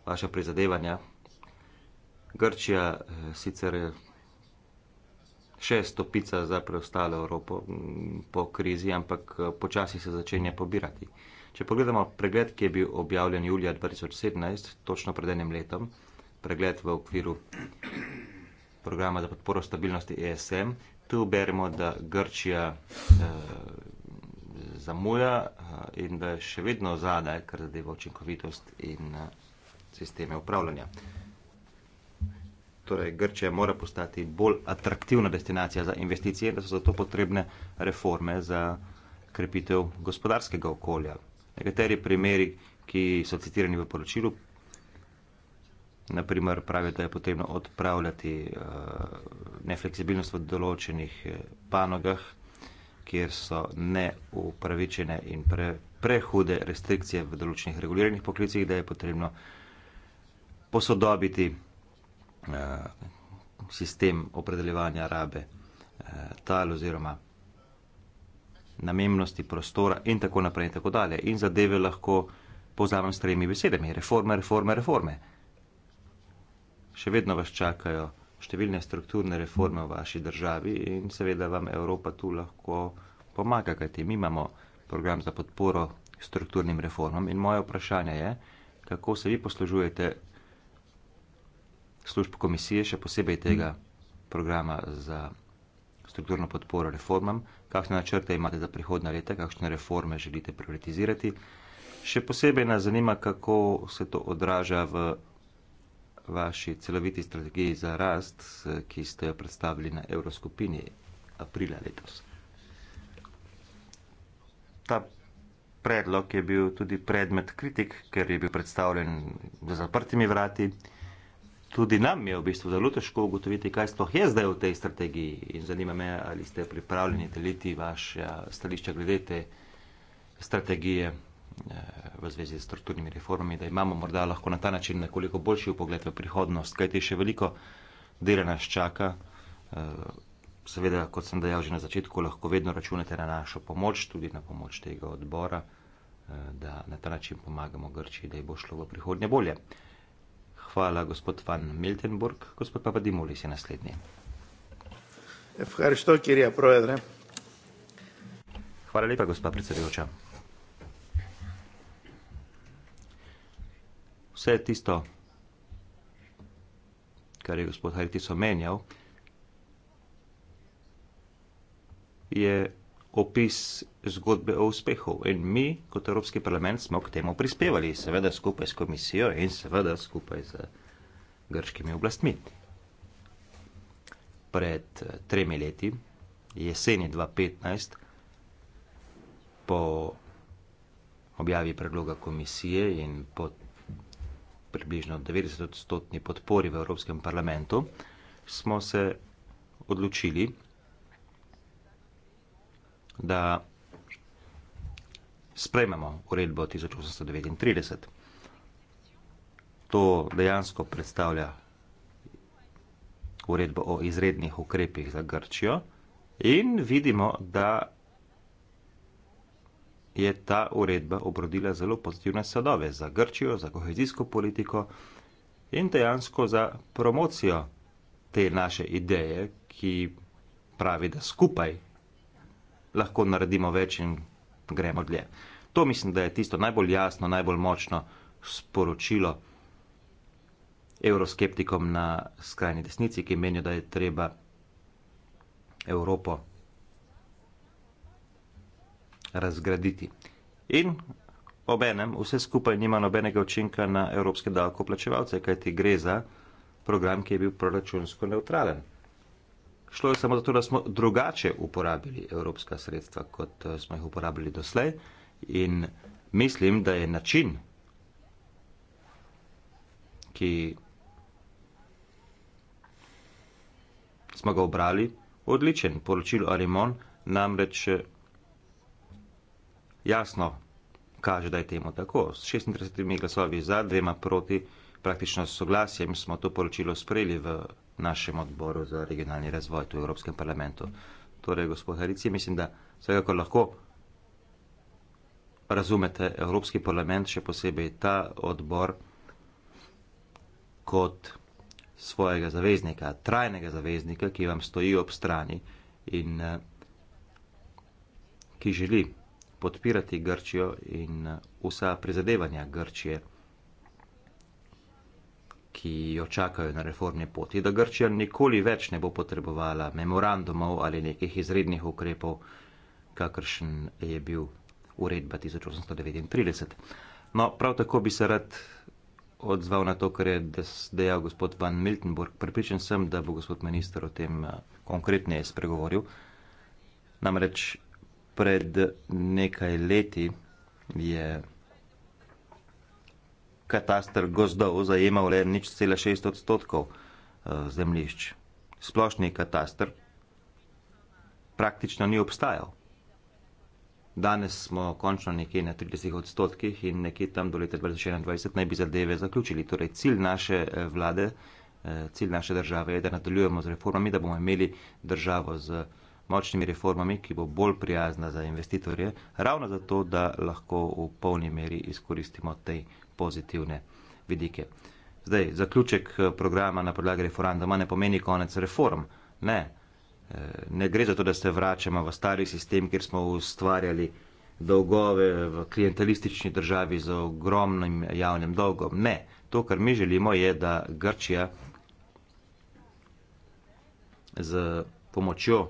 Speaker 3: vaša prizadevanja. Grčija eh, sicer je še stopica za preostalo Evropo mm, po krizi, ampak eh, počasi se začenja pobirati. Če pogledamo pregled, ki je bil objavljen julija 2017, točno pred enim letom, pregled v okviru programa za podporo stabilnosti ESM. Tu beremo, da Grčija eh, zamuja eh, in da je še vedno zadaj, kar zadeva učinkovitost in eh, sisteme upravljanja. Torej, Grčija mora postati bolj atraktivna destinacija za investicije, da so zato potrebne reforme za krepitev gospodarskega okolja. Nekateri primeri, ki so citirani v poročilu, naprimer, pravi, da je potrebno odpravljati eh, nefleksibilnost v določenih eh, panogah, kjer so neupravičene in pre, prehude restrikcije v določenih reguliranih poklicih, da je potrebno posodobiti eh, sistem opredeljevanja rabe tal oziroma namennosti prostora in tako naprej in tako dalje. In zadeve lahko poznam s tremi besedami. Reforme, reforme, reforme. reforme še vedno vas čakajo številne strukturne reforme v vaši državi in seveda vam Evropa tu lahko pomaga, kajti mi imamo program za podporo strukturnim reformam in moje vprašanje je, kako se vi poslužujete služb komisije, še posebej tega programa za strukturno podporo reformam, kakšne načrte imate za prihodna leta, kakšne reforme želite prioritizirati. Še posebej nas zanima, kako se to odraža v vaši celoviti strategiji za rast, ki ste jo predstavili na Evroskupini aprila letos? Ta predlog je bil tudi predmet kritik, ker je bil predstavljen za zaprtimi vrati. Tudi nam je v bistvu zelo težko ugotoviti, kaj sploh je zdaj v tej strategiji. In zanima me, ali ste pripravljeni deliti vaše stališče glede te strategije. Eh, v zvezi s strukturnimi reformami, da imamo morda lahko na ta način nekoliko boljši upogled v prihodnost, kajti še veliko dela nas čaka. Eh, seveda, kot sem dejal že na začetku, lahko vedno računate na našo pomoč, tudi na pomoč tega odbora, eh, da na ta način pomagamo Grči, da ji bo šlo v prihodnje bolje. Hvala, gospod Van Miltenburg, gospod Papadimulis je naslednji. Hvala lepa, gospa predsedujoča. vse tisto, kar je gospod Hariti omenjal, je opis zgodbe o uspehu. In mi, kot Evropski parlament, smo k temu prispevali, seveda skupaj s komisijo in seveda skupaj z grškimi oblastmi. Pred eh, tremi leti, jeseni 2015, po objavi predloga komisije in pod približno 90-odstotni podpori v Evropskem parlamentu, smo se odločili, da sprejmemo uredbo 1839. To dejansko predstavlja uredbo o izrednih ukrepih za Grčijo in vidimo, da je ta uredba obrodila zelo pozitivne sadove za Grčijo, za kohezijsko politiko in dejansko za promocijo te naše ideje, ki pravi, da skupaj lahko naredimo več in gremo dlje. To mislim, da je tisto najbolj jasno, najbolj močno sporočilo evroskeptikom na skrajni desnici, ki menijo, da je treba Evropo razgraditi. In obenem vse skupaj nima nobenega učinka na evropske davkoplačevalce, kajti gre za program, ki je bil proračunsko neutralen. Šlo je samo zato, da smo drugače uporabili evropska sredstva, kot eh, smo jih uporabili doslej. In mislim, da je način, ki smo ga obrali, odličen. Poročilo Arimon namreč eh, jasno kaže, da je temu tako. S 36 glasovi za, dvema proti, praktično s soglasjem smo to poročilo sprejeli v našem odboru za regionalni razvoj tu v Evropskem parlamentu. Torej, gospod Haricij, mislim, da vsekakor lahko razumete Evropski parlament, še posebej ta odbor, kot svojega zaveznika, trajnega zaveznika, ki vam stoji ob strani in eh, ki želi podpirati Grčijo in uh, vsa prizadevanja Grčije, ki jo čakajo na reformni poti, da Grčija nikoli več ne bo potrebovala memorandumov ali nekih izrednih ukrepov, kakršen je bil uredba 1839. No, prav tako bi se rad odzval na to, kar je dejal gospod Van Miltenburg. Pripričan sem, da bo gospod minister o tem uh, konkretneje spregovoril. Namreč pred nekaj leti je katastr gozdov zajemal le nič cela šest odstotkov eh, zemljišč. Splošni katastr praktično ni obstajal. Danes smo končno nekje na 30 odstotkih in nekje tam do leta 2021 naj bi zadeve zaključili. Torej cilj naše eh, vlade, eh, cilj naše države je, da nadaljujemo z reformami, da bomo imeli državo z reformami, močnimi reformami, ki bo bolj prijazna za investitorje, ravno zato, da lahko v polni meri izkoristimo te pozitivne vidike. Zdaj, zaključek eh, programa na podlagi referenduma ne pomeni konec reform. Ne. Eh, ne gre za to, da se vračamo v stari sistem, kjer smo ustvarjali dolgove v klientelistični državi z ogromnim javnim dolgom. Ne. To, kar mi želimo, je, da Grčija z pomočjo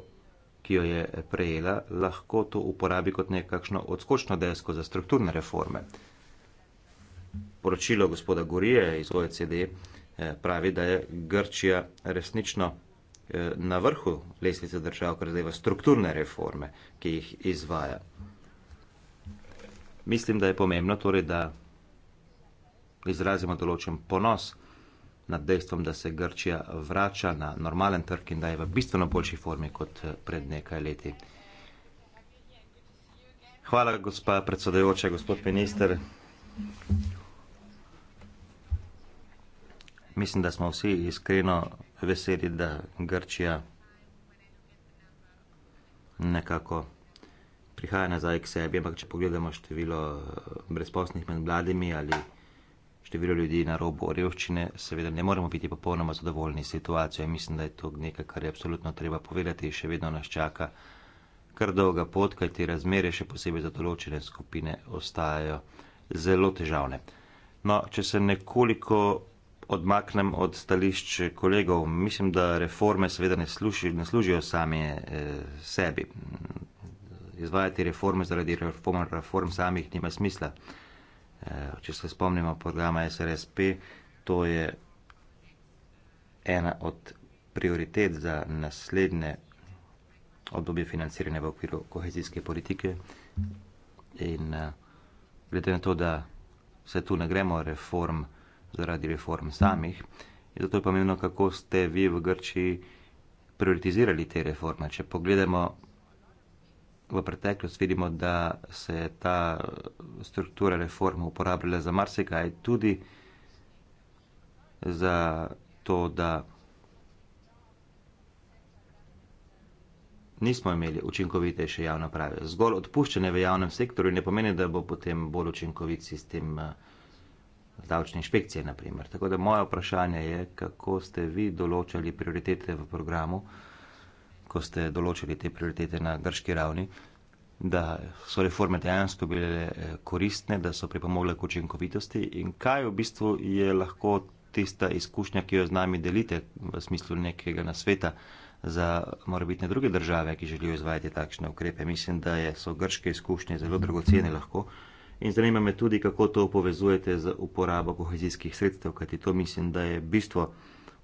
Speaker 3: ki jo je prejela, lahko to uporabi kot nekakšno odskočno desko za strukturne reforme. Poročilo gospoda Gorije iz OECD eh, pravi, da je Grčija resnično eh, na vrhu lestvice držav, kar zadeva strukturne reforme, ki jih izvaja. Mislim, da je pomembno torej, da izrazimo določen ponos nad dejstvom, da se Grčija vrača na normalen trg in da je v bistveno boljši formi kot eh, pred nekaj leti. Hvala, gospa predsedojoča, gospod minister. Mislim, da smo vsi iskreno veseli, da Grčija nekako prihaja nazaj k sebi, ampak če pogledamo število eh, brezposlenih med mladimi ali število ljudi na robu revščine, seveda ne moremo biti popolnoma zadovoljni s situacijo in mislim, da je to nekaj, kar je absolutno treba povedati in še vedno nas čaka kar dolga pot, kaj ti razmere še posebej za določene skupine ostajajo zelo težavne. No, če se nekoliko odmaknem od stališč kolegov, mislim, da reforme seveda ne, sluši, ne služijo sami e, eh, sebi. Izvajati reforme zaradi reform, reform samih nima smisla. Eh, če se spomnimo programa SRSP, to je ena od prioritet za naslednje obdobje financiranja v okviru kohezijske politike. In eh, glede na to, da se tu ne gremo reform zaradi reform samih, je zato pomembno, kako ste vi v Grčiji prioritizirali te reforme. Če pogledamo v preteklosti vidimo, da se je ta struktura reform uporabljala za marsikaj, tudi za to, da nismo imeli učinkovitejše javne prave. Zgolj odpuščanje v javnem sektorju ne pomeni, da bo potem bolj učinkovit sistem eh, davčne inšpekcije, naprimer. Tako da moje vprašanje je, kako ste vi določali prioritete v programu, ko ste določili te prioritete na grški ravni, da so reforme dejansko bile eh, koristne, da so pripomogle k učinkovitosti in kaj v bistvu je lahko tista izkušnja, ki jo z nami delite v smislu nekega nasveta za morebitne druge države, ki želijo izvajati takšne ukrepe. Mislim, da je, so grške izkušnje zelo dragocene lahko. In zanima me tudi, kako to povezujete z uporabo kohezijskih sredstev, kajti to mislim, da je bistvo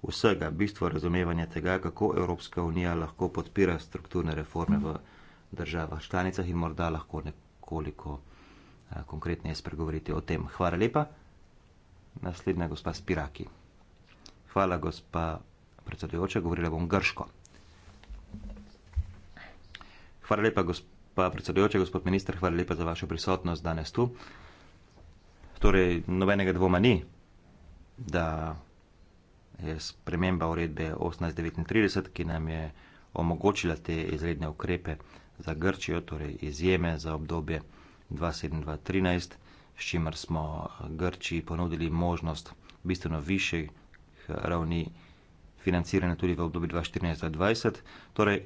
Speaker 3: vsega, bistvo razumevanja tega, kako Evropska unija lahko podpira strukturne reforme v državah članicah in morda lahko nekoliko eh, konkretneje spregovoriti o tem. Hvala lepa. Naslednja gospa Spiraki. Hvala, gospa predsedujoča, govorila bom grško. Hvala lepa, gospa predsedujoča, gospod minister, hvala lepa za vašo prisotnost danes tu. Torej, nobenega dvoma ni, da je sprememba uredbe 1839, ki nam je omogočila te izredne ukrepe za Grčijo, torej izjeme za obdobje 2007-2013, s čimer smo eh, Grčiji ponudili možnost bistveno višjih eh, ravni financiranja tudi v obdobju 2014-2020. Torej,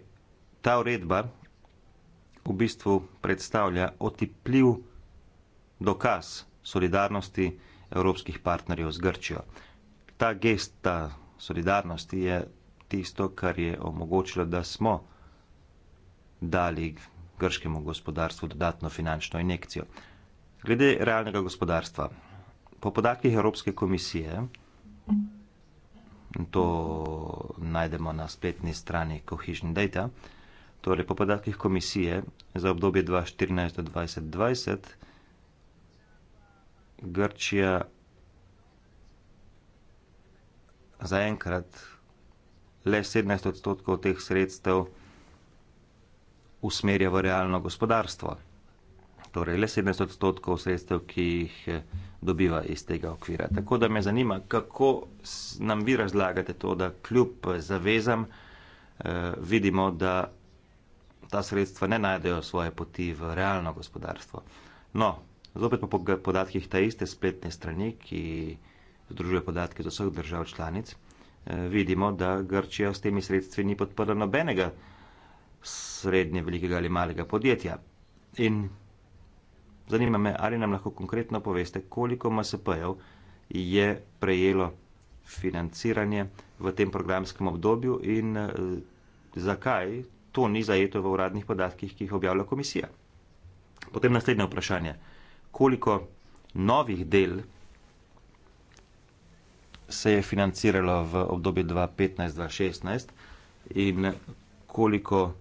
Speaker 3: ta uredba v bistvu predstavlja otipljiv dokaz solidarnosti evropskih partnerjev z Grčijo ta gesta solidarnosti je tisto, kar je omogočilo, da smo dali grškemu gospodarstvu dodatno finančno injekcijo. Glede realnega gospodarstva, po podatkih Evropske komisije, to najdemo na spletni strani Cohesion Data, torej po podatkih komisije za obdobje 2014-2020, Grčija zaenkrat le 17 odstotkov teh sredstev usmerja v realno gospodarstvo. Torej, le 17 odstotkov sredstev, ki jih eh, dobiva iz tega okvira. Tako da me zanima, kako nam vi razlagate to, da kljub zavezam eh, vidimo, da ta sredstva ne najdejo svoje poti v realno gospodarstvo. No, zopet pa po podatkih ta iste spletne strani, ki združuje podatke iz vseh držav članic, eh, vidimo, da Grčija s temi sredstvi ni podprla nobenega srednje velikega ali malega podjetja. In zanima me, ali nam lahko konkretno poveste, koliko MSP-jev je prejelo financiranje v tem programskem obdobju in eh, zakaj to ni zajeto v uradnih podatkih, ki jih objavlja komisija. Potem naslednje vprašanje. Koliko novih del se je financiralo v obdobju 2015-2016 in koliko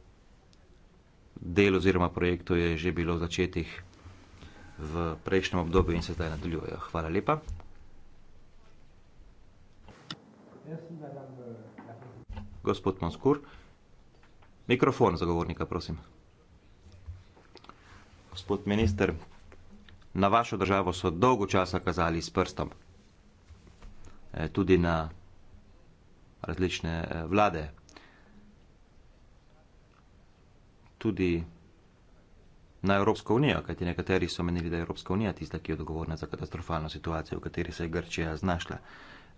Speaker 3: del oziroma projektov je že bilo začetih v prejšnjem obdobju in se zdaj nadaljujejo. Hvala lepa. Gospod Monskur, mikrofon zagovornika, prosim. Gospod minister, na vašo državo so dolgo časa kazali s prstom. Eh, tudi na različne eh, vlade. Tudi na Evropsko unijo, kajti nekateri so menili, da je Evropska unija tista, ki je odgovorna za katastrofalno situacijo, v kateri se je Grčija znašla.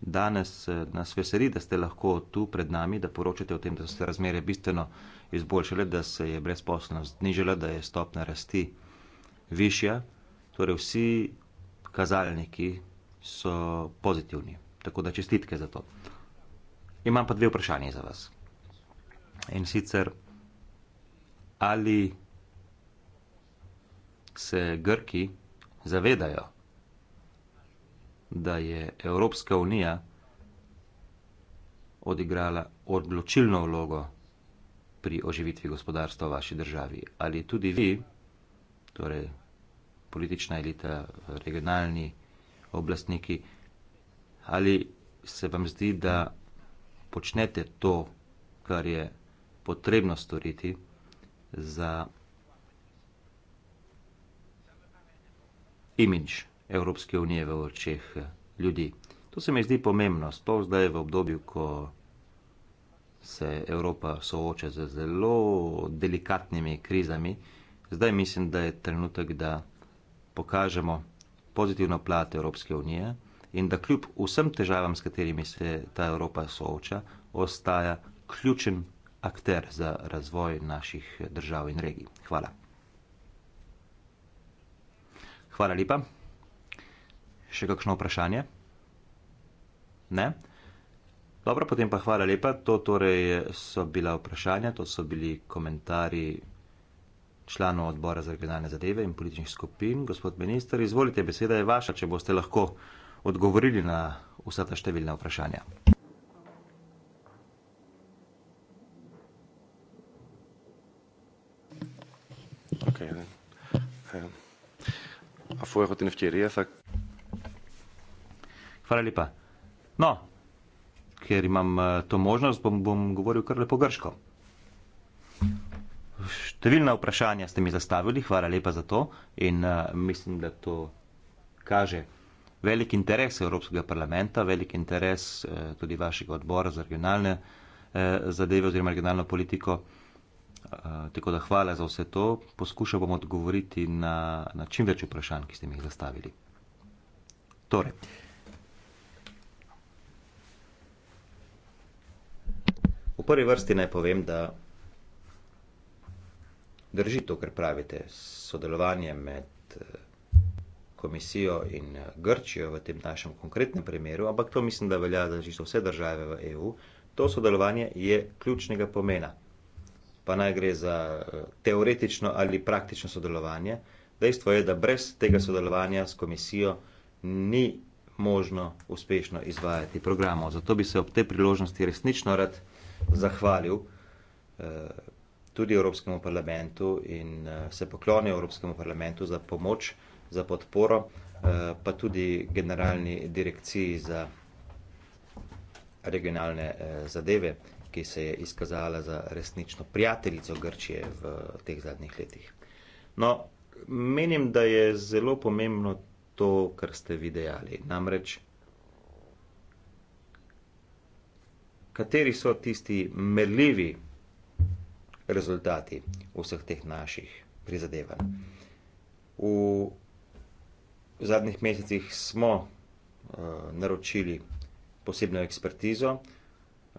Speaker 3: Danes eh, nas veseli, da ste lahko tu pred nami, da poročate o tem, da so se razmere bistveno izboljšale, da se je brezposobnost znižala, da je stopna rasti višja. Torej vsi kazalniki so pozitivni. Tako da čestitke za to. Imam pa dve vprašanje za vas. In sicer, ali se Grki zavedajo, da je Evropska unija odigrala odločilno vlogo pri oživitvi gospodarstva v vaši državi? Ali tudi vi, torej politična elita, regionalni oblastniki, ali se vam zdi, da počnete to, kar je potrebno storiti za imidž Evropske unije v očeh ljudi. To se mi zdi pomembno, sploh zdaj v obdobju, ko se Evropa sooča z zelo delikatnimi krizami. Zdaj mislim, da je trenutek, da pokažemo pozitivno plat Evropske unije in da kljub vsem težavam, s katerimi se ta Evropa sooča, ostaja ključen akter za razvoj naših držav in regij. Hvala. Hvala lepa. Še kakšno vprašanje? Ne? Dobro, potem pa hvala lepa. To torej so bila vprašanja, to so bili komentari članov odbora za regionalne zadeve in političnih skupin. Gospod minister, izvolite, beseda je vaša, če boste lahko uh, odgovorili na vsa ta številna vprašanja. Okay. Včeri, um, Hvala lepa. No, ker imam eh, to možnost, bom, bom govoril kar lepo grško. Številna vprašanja ste mi zastavili, hvala lepa za to in uh, mislim, da to kaže velik interes Evropskega parlamenta, velik interes eh, tudi vašega odbora za regionalne eh, zadeve oziroma regionalno politiko. Eh, tako da hvala za vse to. Poskušal bom odgovoriti na, na čim več vprašanj, ki ste mi jih zastavili. Torej. V prvi vrsti naj povem, da drži to, kar pravite, sodelovanje med komisijo in eh, Grčijo v tem našem konkretnem primeru, ampak to mislim, da velja za čisto vse države v EU, to sodelovanje je ključnega pomena. Pa naj gre za eh, teoretično ali praktično sodelovanje, dejstvo je, da brez tega sodelovanja s komisijo ni možno uspešno izvajati programov. Zato bi se ob te priložnosti resnično rad zahvalil eh, tudi Evropskemu parlamentu in se poklonil Evropskemu parlamentu za pomoč za podporo, eh, pa tudi generalni direkciji za regionalne eh, zadeve, ki se je izkazala za resnično prijateljico Grčije v teh zadnjih letih. No, menim, da je zelo pomembno to, kar ste vi dejali. Namreč, kateri so tisti merljivi rezultati vseh teh naših prizadevanj. V V zadnjih mesecih smo eh, naročili posebno ekspertizo.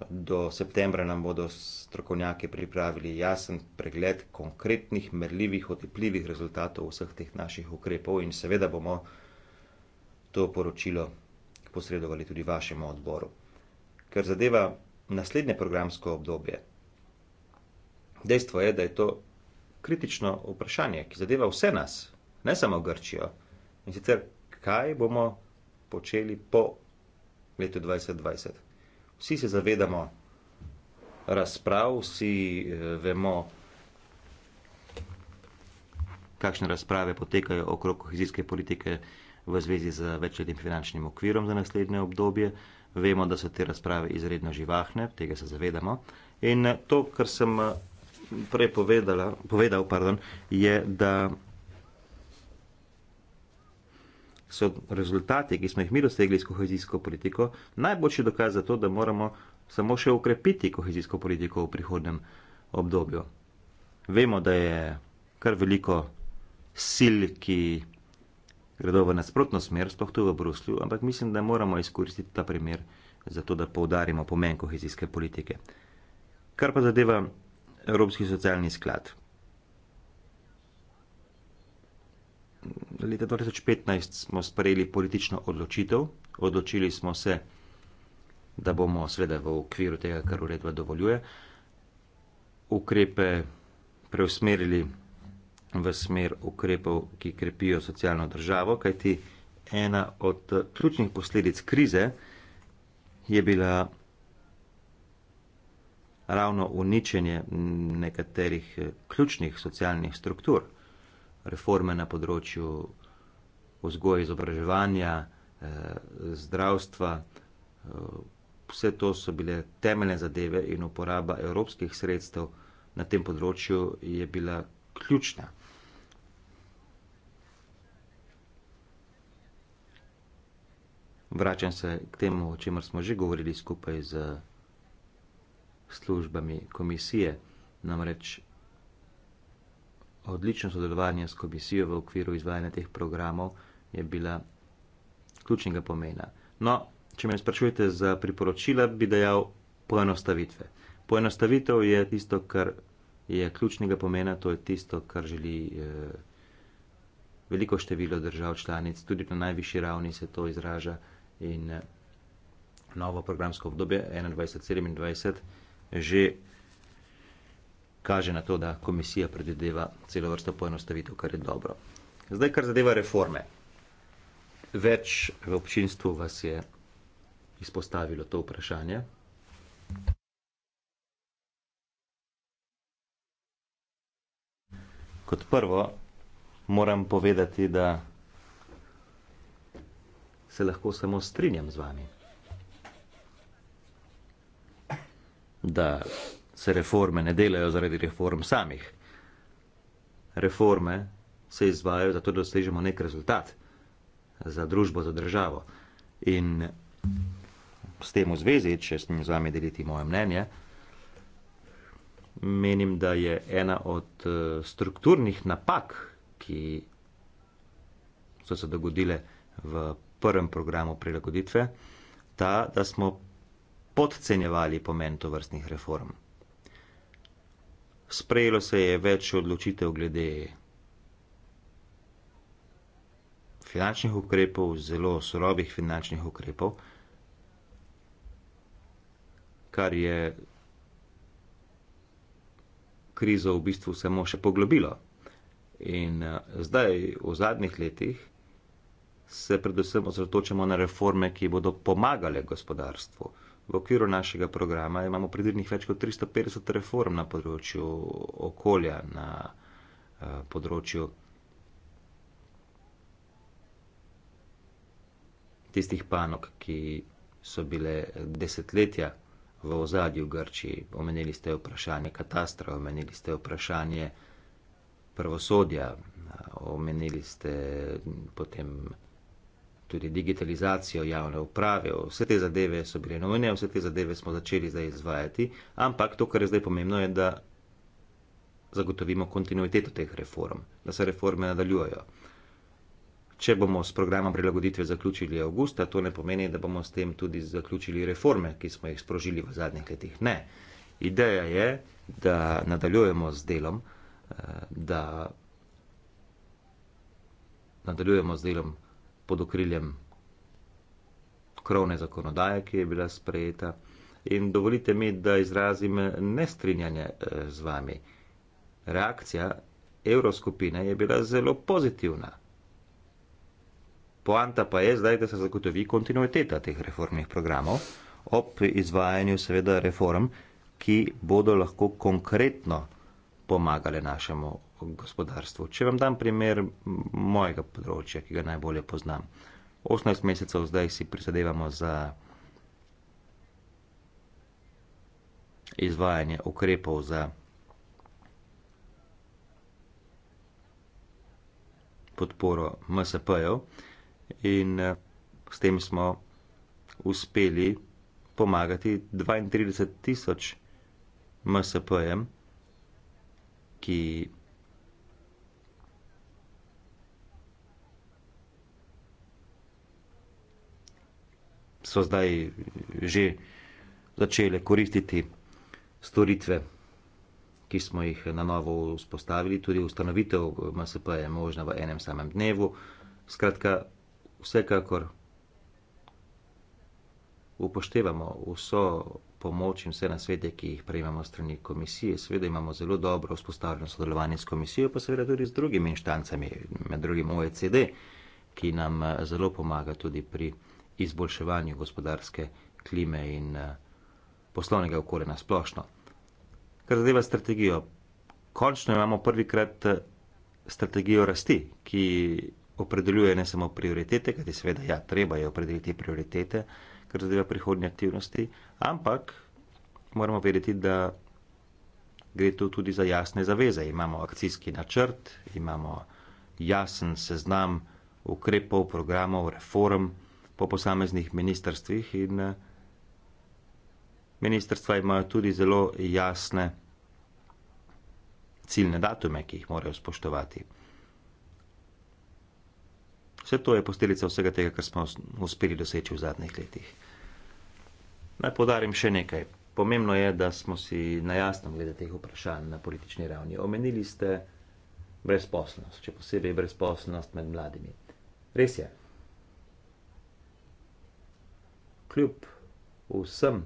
Speaker 3: Do septembra nam bodo strokovnjaki pripravili jasen pregled konkretnih, merljivih, otepljivih rezultatov vseh teh naših ukrepov in seveda bomo to poročilo posredovali tudi vašemu odboru. Ker zadeva naslednje programsko obdobje, dejstvo je, da je to kritično vprašanje, ki zadeva vse nas, ne samo Grčijo, In sicer, kaj bomo počeli po letu 2020? Vsi se zavedamo razprav, vsi eh, vemo, kakšne razprave potekajo okrog kohezijske politike v zvezi z večletnim finančnim okvirom za naslednje obdobje. Vemo, da so te razprave izredno živahne, tega se zavedamo. In to, kar sem eh, prej povedala, povedal, pardon, je, da so rezultati, ki smo jih mi dosegli s kohezijsko politiko, najboljši dokaz za to, da moramo samo še ukrepiti kohezijsko politiko v prihodnem obdobju. Vemo, da je kar veliko sil, ki gredo v nasprotno smer, sploh tu v Bruslju, ampak mislim, da moramo izkoristiti ta primer za to, da poudarimo pomen kohezijske politike. Kar pa zadeva Evropski socialni sklad. leta 2015 smo sprejeli politično odločitev. Odločili smo se, da bomo seveda v okviru tega, kar uredba dovoljuje, ukrepe preusmerili v smer ukrepov, ki krepijo socialno državo, kajti ena od ključnih posledic krize je bila ravno uničenje nekaterih eh, ključnih socialnih struktur reforme na področju vzgoja, izobraževanja, eh, zdravstva. Eh, vse to so bile temeljne zadeve in uporaba evropskih sredstev na tem področju je bila ključna. Vračam se k temu, o čemer smo že govorili skupaj z službami komisije. Namreč odlično sodelovanje s komisijo v okviru izvajanja teh programov je bila ključnega pomena. No, če me sprašujete za priporočila, bi dejal poenostavitve. Poenostavitev je tisto, kar je ključnega pomena, to je tisto, kar želi eh, veliko število držav članic, tudi na najvišji ravni se to izraža in eh, novo programsko obdobje 21-27 že kaže na to, da komisija predvideva celo vrsto poenostavitev, kar je dobro. Zdaj, kar zadeva reforme. Več v občinstvu vas je izpostavilo to vprašanje. Kot prvo moram povedati, da se lahko samo strinjam z vami, da se reforme ne delajo zaradi reform samih. Reforme se izvajajo zato, da dosežemo nek rezultat za družbo, za državo. In s tem v zvezi, če s njim z vami deliti moje mnenje, menim, da je ena od eh, strukturnih napak, ki so se dogodile v prvem programu prilagoditve, ta, da smo podcenjevali pomen tovrstnih reform sprejelo se je več odločitev glede finančnih ukrepov, zelo surovih finančnih ukrepov, kar je krizo v bistvu samo še poglobilo. In eh, zdaj, v zadnjih letih, se predvsem osredotočamo na reforme, ki bodo pomagale gospodarstvu. V okviru našega programa imamo predvidenih več kot 350 reform na področju okolja, na uh, področju tistih panok, ki so bile desetletja v ozadju v Grčiji. Omenili ste vprašanje katastra, omenili ste vprašanje pravosodja, omenili ste potem tudi digitalizacijo javne uprave, vse te zadeve so bile nujne, vse te zadeve smo začeli zdaj izvajati, ampak to, kar je zdaj pomembno, je, da zagotovimo kontinuiteto teh reform, da se reforme nadaljujejo. Če bomo s programom prilagoditve zaključili avgusta, to ne pomeni, da bomo s tem tudi zaključili reforme, ki smo jih sprožili v zadnjih letih. Ne. Ideja je, da nadaljujemo z delom, eh, da nadaljujemo z delom pod okriljem krovne zakonodaje, ki je bila sprejeta. In dovolite mi, da izrazim nestrinjanje eh, z vami. Reakcija evroskupine je bila zelo pozitivna. Poanta pa je zdaj, da se zagotovi kontinuiteta teh reformnih programov ob izvajanju seveda reform, ki bodo lahko konkretno pomagale našemu gospodarstvu. Če vam dam primer mojega področja, ki ga najbolje poznam. 18 mesecev zdaj si prisadevamo za izvajanje ukrepov za podporo MSP-jev in eh, s tem smo uspeli pomagati 32 tisoč MSP-jem, ki so zdaj že začele koristiti storitve, ki smo jih na novo vzpostavili, tudi ustanovitev MSP je možna v enem samem dnevu. Skratka, vsekakor upoštevamo vso pomoč in vse nasvete, ki jih prejmemo strani komisije. Seveda imamo zelo dobro vzpostavljeno sodelovanje s komisijo, pa seveda tudi z drugimi inštancami, med drugim OECD, ki nam eh, zelo pomaga tudi pri izboljševanju gospodarske klime in eh, poslovnega okolja na splošno. Kar zadeva strategijo, končno imamo prvi krat eh, strategijo rasti, ki opredeljuje ne samo prioritete, kajti seveda ja, treba je opredeliti prioritete, kar zadeva prihodnje aktivnosti, ampak moramo vedeti, da gre tu tudi za jasne zaveze. Imamo akcijski načrt, imamo jasen seznam ukrepov, programov, reform po posameznih ministrstvih in eh, ministrstva imajo tudi zelo jasne ciljne datume, ki jih morajo spoštovati. Vse to je posteljica vsega tega, kar smo uspeli doseči v zadnjih letih. Naj podarim še nekaj. Pomembno je, da smo si na jasnem glede teh vprašanj na politični ravni. Omenili ste brezposlenost, če posebej brezposlenost med mladimi. Res je, kljub vsem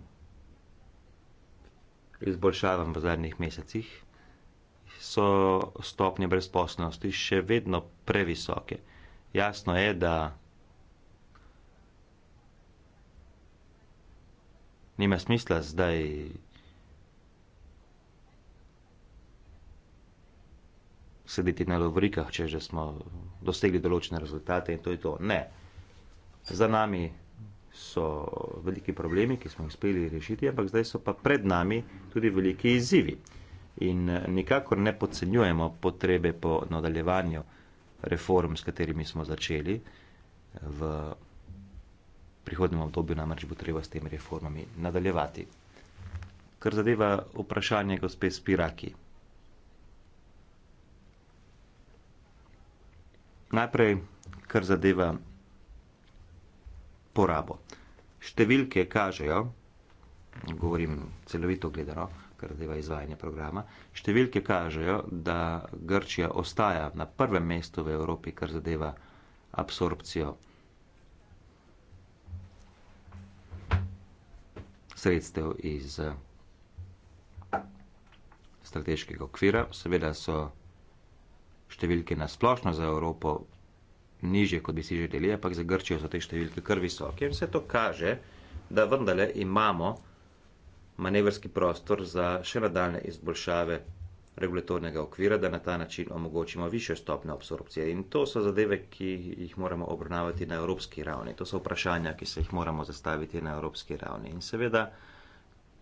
Speaker 3: izboljšavam v zadnjih mesecih, so stopnje brezposlenosti še vedno previsoke. Jasno je, da nima smisla zdaj sedeti na lovorikah, če že smo dosegli določene rezultate in to je to. Ne. Za nami so veliki problemi, ki smo jih uspeli rešiti, ampak zdaj so pa pred nami tudi veliki izzivi. In eh, nikakor ne podcenjujemo potrebe po nadaljevanju reform, s katerimi smo začeli. V prihodnem obdobju namreč bo treba s temi reformami nadaljevati. Kar zadeva vprašanje gospe Spiraki. Najprej, kar zadeva porabo številke kažejo, govorim celovito gledano, kar zadeva izvajanje programa, številke kažejo, da Grčija ostaja na prvem mestu v Evropi, kar zadeva absorpcijo sredstev iz strateškega okvira. Seveda so številke nasplošno za Evropo nižje, kot bi si želeli, ampak za Grčijo so te številke kar visoke in vse to kaže, da vendarle imamo manevrski prostor za še nadaljne izboljšave regulatornega okvira, da na ta način omogočimo više stopne absorpcije. In to so zadeve, ki jih moramo obravnavati na evropski ravni. To so vprašanja, ki se jih moramo zastaviti na evropski ravni. In seveda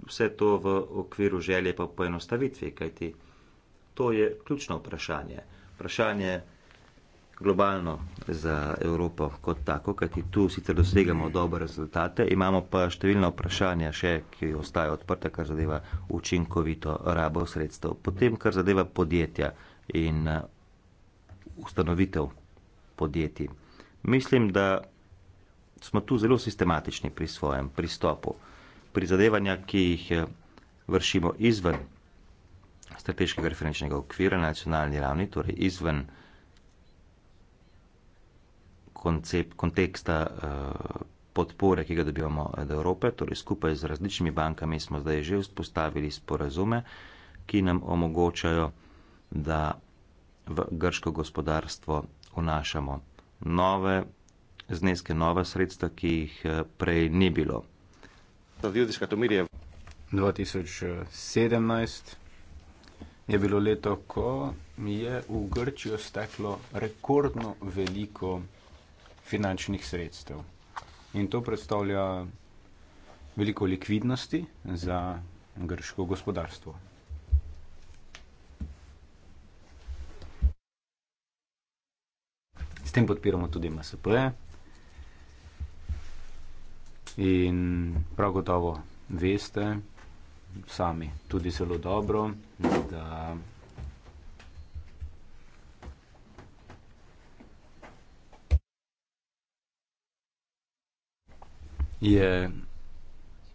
Speaker 3: vse to v okviru želje pa poenostavitvi, kajti to je ključno vprašanje. Vprašanje je, globalno za Evropo kot tako, kajti tu sicer dosegamo dobre rezultate, imamo pa številna vprašanja še, ki ostaje odprta, kar zadeva učinkovito rabo sredstev. Potem, kar zadeva podjetja in uh, ustanovitev podjetij. Mislim, da smo tu zelo sistematični pri svojem pristopu, pri zadevanja, ki jih uh, vršimo izven strateškega referenčnega okvira na nacionalni ravni, torej izven koncept, konteksta eh, podpore, ki ga dobivamo od Evrope, torej skupaj z različnimi bankami smo zdaj že vzpostavili sporazume, ki nam omogočajo, da v grško gospodarstvo vnašamo nove zneske, nove sredstva, ki jih eh, prej ni bilo. 2017
Speaker 4: je bilo leto, ko je v Grčijo steklo rekordno veliko finančnih sredstev. In to predstavlja veliko likvidnosti za grško gospodarstvo. S tem podpiramo tudi MSP. In prav gotovo veste, sami tudi zelo dobro, da je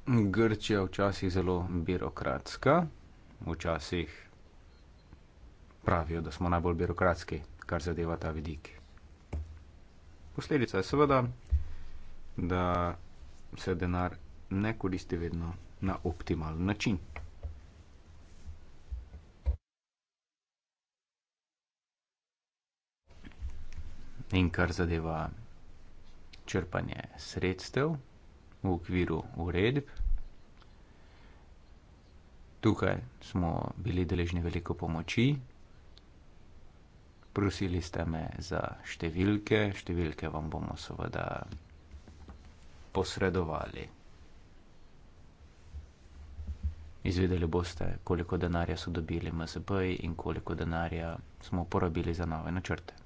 Speaker 4: Grčija včasih zelo birokratska, včasih pravijo, da smo najbolj birokratski, kar zadeva ta vidik. Posledica je seveda, da se denar ne koristi vedno na optimalen način. In kar zadeva črpanje sredstev, v okviru uredb. Tukaj smo bili deležni veliko pomoči. Prosili ste me za številke, številke vam bomo seveda posredovali. Izvedeli boste, koliko denarja so dobili MSP in koliko denarja smo uporabili za nove načrte.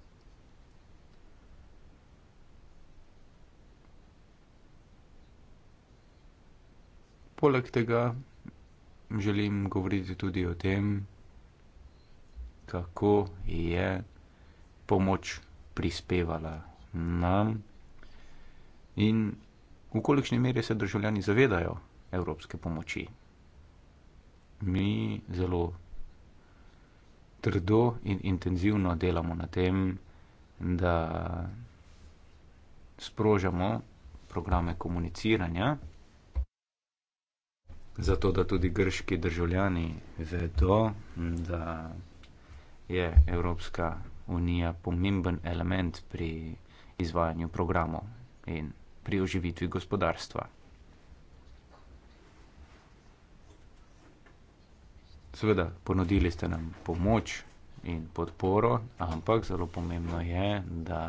Speaker 4: poleg tega želim govoriti tudi o tem, kako je pomoč prispevala nam in v kolikšni meri se državljani zavedajo evropske pomoči. Mi zelo trdo in intenzivno delamo na tem, da sprožamo programe komuniciranja zato da tudi grški državljani vedo, da je Evropska unija pomemben element pri izvajanju programov in pri oživitvi gospodarstva. Seveda, ponudili ste nam pomoč in podporo, ampak zelo pomembno je, da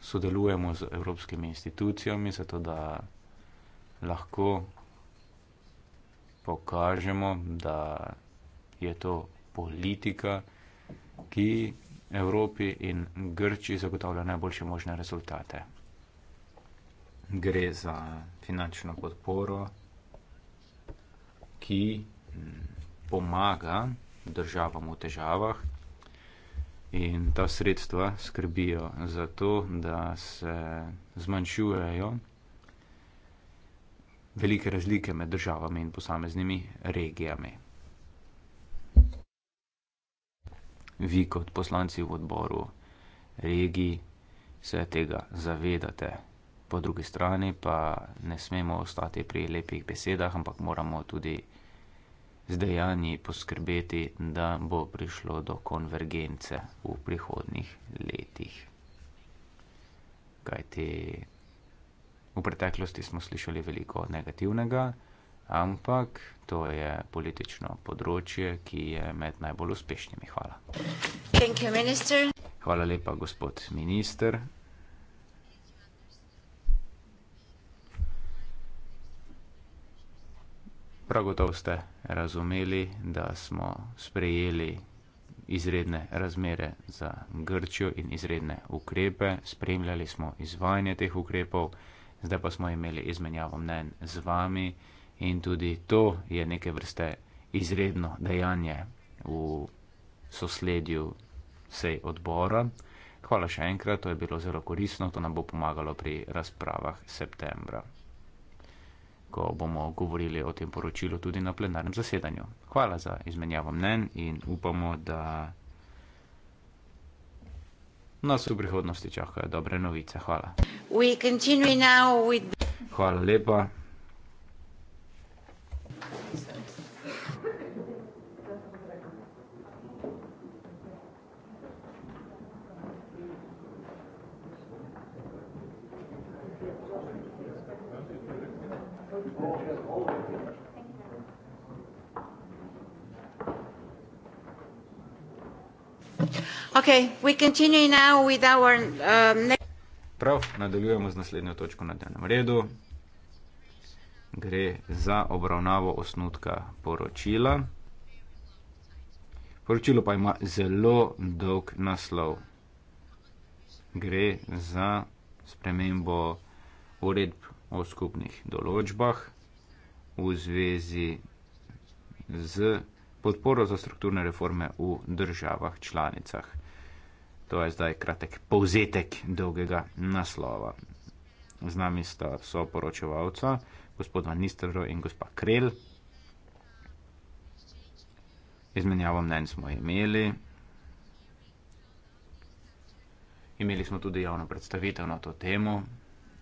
Speaker 4: sodelujemo z evropskimi institucijami, zato da lahko pokažemo, da je to politika, ki Evropi in Grči zagotavlja najboljše možne rezultate. Gre za finančno podporo, ki pomaga državam v težavah. In ta sredstva skrbijo za to, da se zmanjšujejo velike razlike med državami in posameznimi regijami. Vi kot poslanci v odboru regiji se tega zavedate. Po drugi strani pa ne smemo ostati pri lepih besedah, ampak moramo tudi z dejanji poskrbeti, da bo prišlo do konvergence v prihodnih letih. Kajti V preteklosti smo slišali veliko negativnega, ampak to je politično področje, ki je med najbolj uspešnimi. Hvala.
Speaker 1: You,
Speaker 4: Hvala lepa, gospod minister. Prav gotovo ste razumeli, da smo sprejeli izredne razmere za Grčijo in izredne ukrepe, spremljali smo izvajanje teh ukrepov zdaj pa smo imeli izmenjavo mnen z vami in tudi to je neke vrste izredno dejanje v sosledju sej odbora. Hvala še enkrat, to je bilo zelo koristno, to nam bo pomagalo pri razpravah septembra, ko bomo govorili o tem poročilu tudi na plenarnem zasedanju. Hvala za izmenjavo mnen in upamo, da. Nas no, v prihodnosti čakajo dobre novice. Hvala.
Speaker 1: With...
Speaker 4: Hvala lepa.
Speaker 1: Okay, we continue now with our um, next.
Speaker 4: Prav, nadaljujemo z naslednjo točko na dnevnem redu. Gre za obravnavo osnutka poročila. Poročilo pa ima zelo dolg naslov. Gre za spremembo uredb o skupnih določbah v zvezi z podporo za strukturne reforme v državah članicah. To je zdaj kratek povzetek dolgega naslova. Z nami sta soporočevalca, gospod Van Nistelrooy in gospa Krel. Izmenjavo mnen smo imeli. Imeli smo tudi javno predstavitev na to temo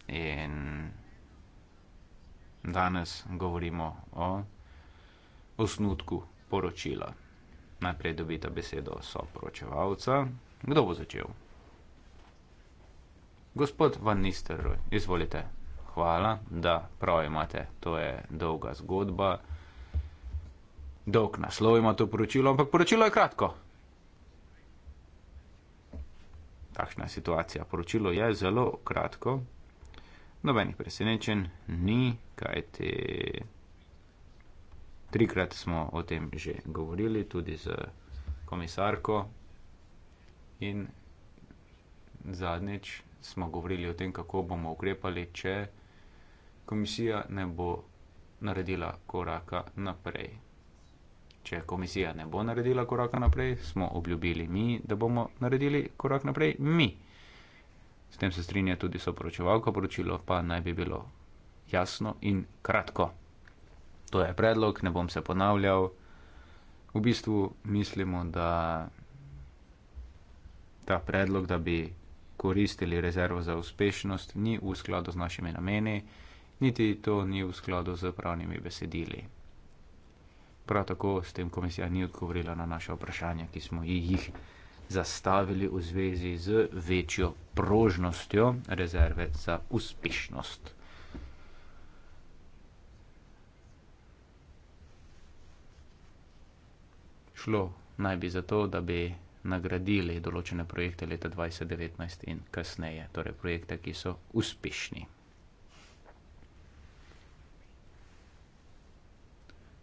Speaker 4: in danes govorimo o osnutku poročila. Najprej dobita besedo soporočevalca. Kdo bo začel? Gospod Van Nistelrooy, izvolite. Hvala, da prav imate. To je dolga zgodba. Dolg naslov ima to poročilo, ampak poročilo je kratko. Takšna je situacija. Poročilo je zelo kratko. Nobenih presenečen ni, kajti trikrat smo o tem že govorili, tudi z komisarko, In zadnjič smo govorili o tem, kako bomo ukrepali, če komisija ne bo naredila koraka naprej. Če komisija ne bo naredila koraka naprej, smo obljubili mi, da bomo naredili korak naprej mi. S tem se strinja tudi soporočevalka, poročilo pa naj bi bilo jasno in kratko. To je predlog, ne bom se ponavljal. V bistvu mislimo, da ta predlog, da bi koristili rezervo za uspešnost, ni v skladu z našimi nameni, niti to ni v skladu z pravnimi besedili. Prav tako s tem komisija ni odgovorila na naše vprašanja, ki smo jih zastavili v zvezi z večjo prožnostjo rezerve za uspešnost. Šlo naj bi za to, da bi nagradili določene projekte leta 2019 in kasneje, torej projekte, ki so uspešni.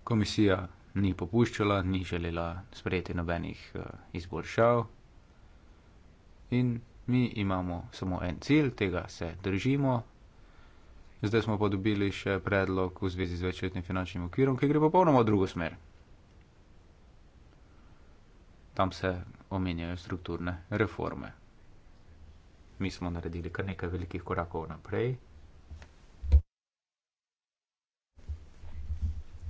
Speaker 4: Komisija ni popuščala, ni želela sprejeti nobenih eh, izboljšav in mi imamo samo en cilj, tega se držimo. Zdaj smo pa dobili še predlog v zvezi z večletnim finančnim okvirom, ki gre popolnoma v drugo smer. Tam se omenjajo strukturne reforme. Mi smo naredili kar nekaj velikih korakov naprej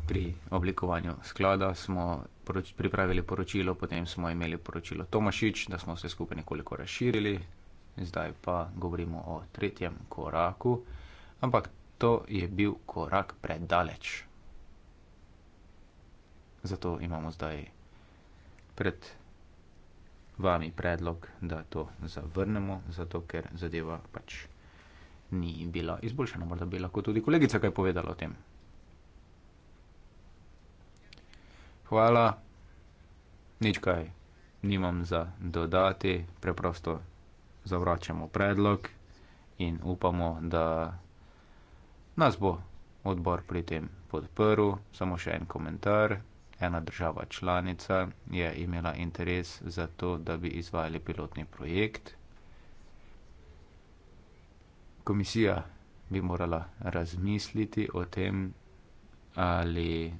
Speaker 4: pri oblikovanju sklada. Smo poroč pripravili poročilo, potem smo imeli poročilo Tomašič, da smo se skupaj nekoliko razširili. Zdaj pa govorimo o tretjem koraku, ampak to je bil korak predaleč. Zato imamo zdaj pred vami predlog, da to zavrnemo, zato ker zadeva pač ni bila izboljšana. Morda bi lahko tudi kolegica kaj povedala o tem. Hvala. Nič kaj nimam za dodati, preprosto zavračamo predlog in upamo, da nas bo odbor pri tem podprl. Samo še en komentar ena država članica je imela interes za to, da bi izvajali pilotni projekt. Komisija bi morala razmisliti o tem, ali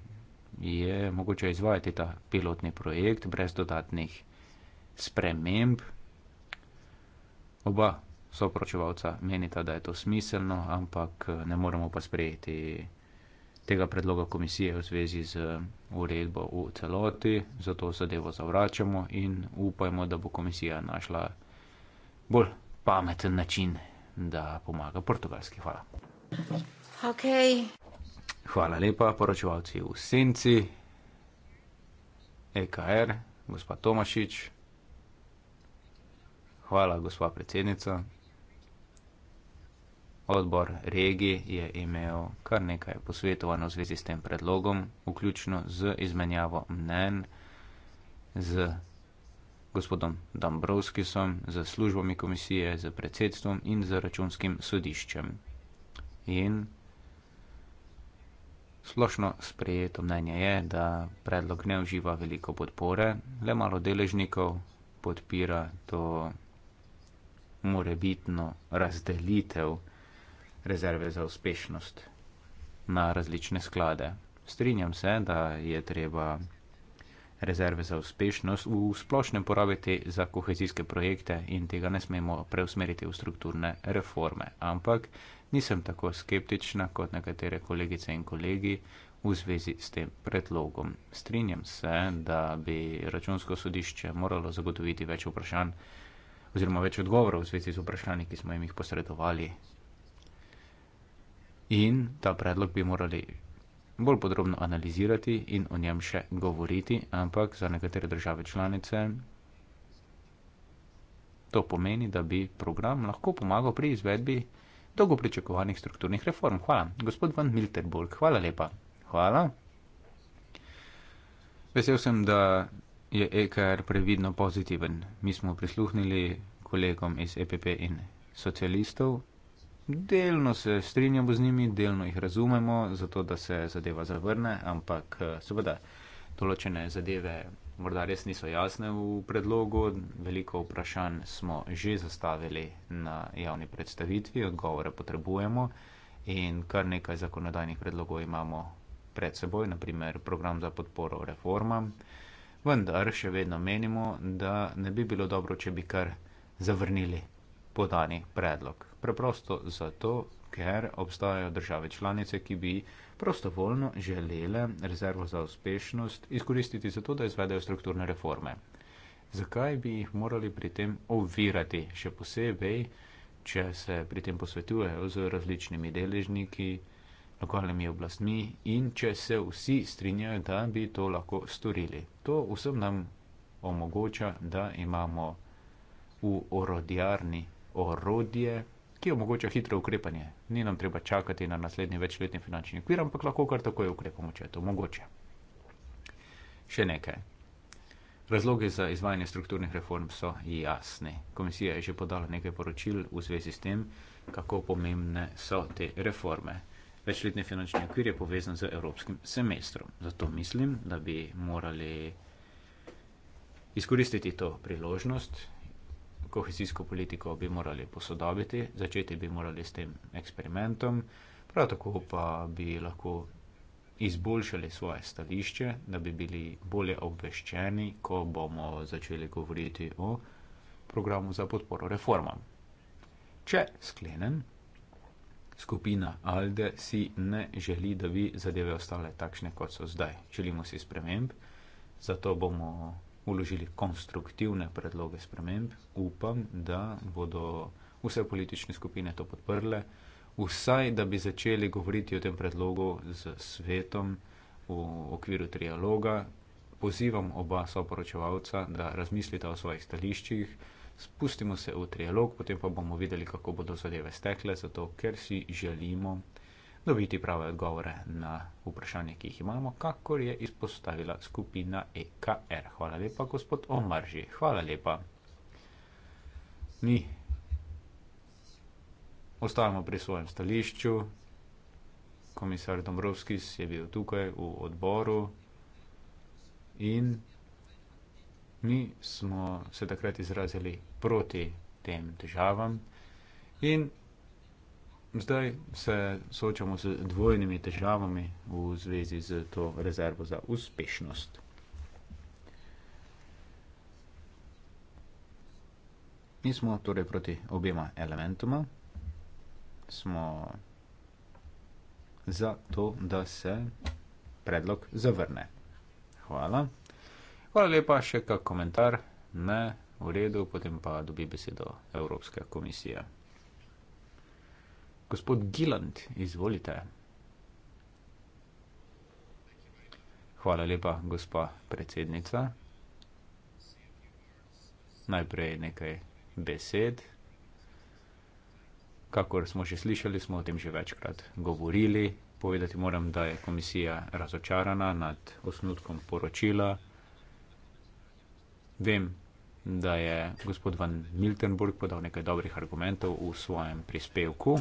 Speaker 4: je mogoče izvajati ta pilotni projekt brez dodatnih sprememb. Oba soproševalca menita, da je to smiselno, ampak ne moremo pa sprejeti tega predloga komisije v zvezi z eh, uredbo v celoti, zato zadevo zavračamo in upajmo, da bo komisija našla bolj pameten način, da pomaga portugalski. Hvala.
Speaker 1: Okay.
Speaker 4: Hvala lepa, poročevalci v Senci, EKR, gospod Tomašič. Hvala, gospa predsednica. Odbor regi je imel kar nekaj posvetovanj v zvezi s tem predlogom, vključno z izmenjavo mnen z gospodom Dombrovskisom, z službami komisije, z predsedstvom in z računskim sodiščem. In Splošno sprejeto mnenje je, da predlog ne uživa veliko podpore, le malo deležnikov podpira to morebitno razdelitev rezerve za uspešnost na različne sklade. Strinjam se, da je treba rezerve za uspešnost v splošnem porabiti za kohezijske projekte in tega ne smemo preusmeriti v strukturne reforme. Ampak nisem tako skeptična kot nekatere kolegice in kolegi v zvezi s tem predlogom. Strinjam se, da bi računsko sodišče moralo zagotoviti več vprašanj oziroma več odgovorov v zvezi z vprašanji, ki smo jim jih posredovali in ta predlog bi morali bolj podrobno analizirati in o njem še govoriti, ampak za nekatere države članice to pomeni, da bi program lahko pomagal pri izvedbi dolgo pričakovanih strukturnih reform. Hvala. Gospod Van Milterburg, hvala lepa. Hvala. Vesel sem, da je EKR previdno pozitiven. Mi smo prisluhnili kolegom iz EPP in socialistov. Delno se strinjamo z njimi, delno jih razumemo, zato da se zadeva zavrne, ampak eh, seveda določene zadeve morda res niso jasne v predlogu. Veliko vprašanj smo že zastavili na javni predstavitvi, odgovore potrebujemo in kar nekaj zakonodajnih predlogov imamo pred seboj, naprimer program za podporo reformam. Vendar še vedno menimo, da ne bi bilo dobro, če bi kar zavrnili podani predlog. Preprosto zato, ker obstajajo države članice, ki bi prostovoljno želele rezervo za uspešnost izkoristiti zato, da izvedejo strukturne reforme. Zakaj bi jih morali pri tem ovirati, še posebej, če se pri tem posvetujejo z različnimi deležniki, lokalnimi oblastmi in če se vsi strinjajo, da bi to lahko storili. To vsem nam omogoča, da imamo v orodjarni orodje, ki omogoča hitro ukrepanje. Ni nam treba čakati na naslednji večletni finančni okvir, ampak lahko kar takoj ukrepamo, če je to mogoče. Še nekaj. Razloge za izvajanje strukturnih reform so jasni. Komisija je že podala nekaj poročil v zvezi s tem, kako pomembne so te reforme. Večletni finančni okvir je povezan z evropskim semestrom. Zato mislim, da bi morali izkoristiti to priložnost kohezijsko politiko bi morali posodobiti, začeti bi morali s tem eksperimentom, prav tako pa bi lahko izboljšali svoje stališče, da bi bili bolje obveščeni, ko bomo začeli govoriti o programu za podporo reformam. Če sklenem, skupina Alde si ne želi, da bi zadeve ostale takšne, kot so zdaj. Želimo si sprememb, zato bomo vložili konstruktivne predloge sprememb. Upam, da bodo vse politične skupine to podprle, vsaj da bi začeli govoriti o tem predlogu z svetom v okviru trialoga. Pozivam oba soporočevalca, da razmislite o svojih stališčih, spustimo se v trialog, potem pa bomo videli, kako bodo zadeve stekle, zato ker si želimo dobiti prave odgovore na vprašanje, ki jih imamo, kakor je izpostavila skupina EKR. Hvala lepa, gospod Omarži. Hvala lepa. Mi ostajamo pri svojem stališču. Komisar Dombrovskis je bil tukaj v odboru in mi smo se takrat izrazili proti tem težavam in Zdaj se soočamo z dvojnimi težavami v zvezi z to rezervo za uspešnost. Mi smo torej proti obema elementoma. Smo za to, da se predlog zavrne. Hvala. Hvala lepa, še kak komentar? Ne, v redu, potem pa dobi besedo Evropska komisija. Gospod Giland, izvolite. Hvala lepa, gospa predsednica. Najprej nekaj besed. Kakor smo že slišali, smo o tem že večkrat govorili. Povedati moram, da je komisija razočarana nad osnutkom poročila. Vem, da je gospod Van Miltenburg podal nekaj dobrih argumentov v svojem prispevku,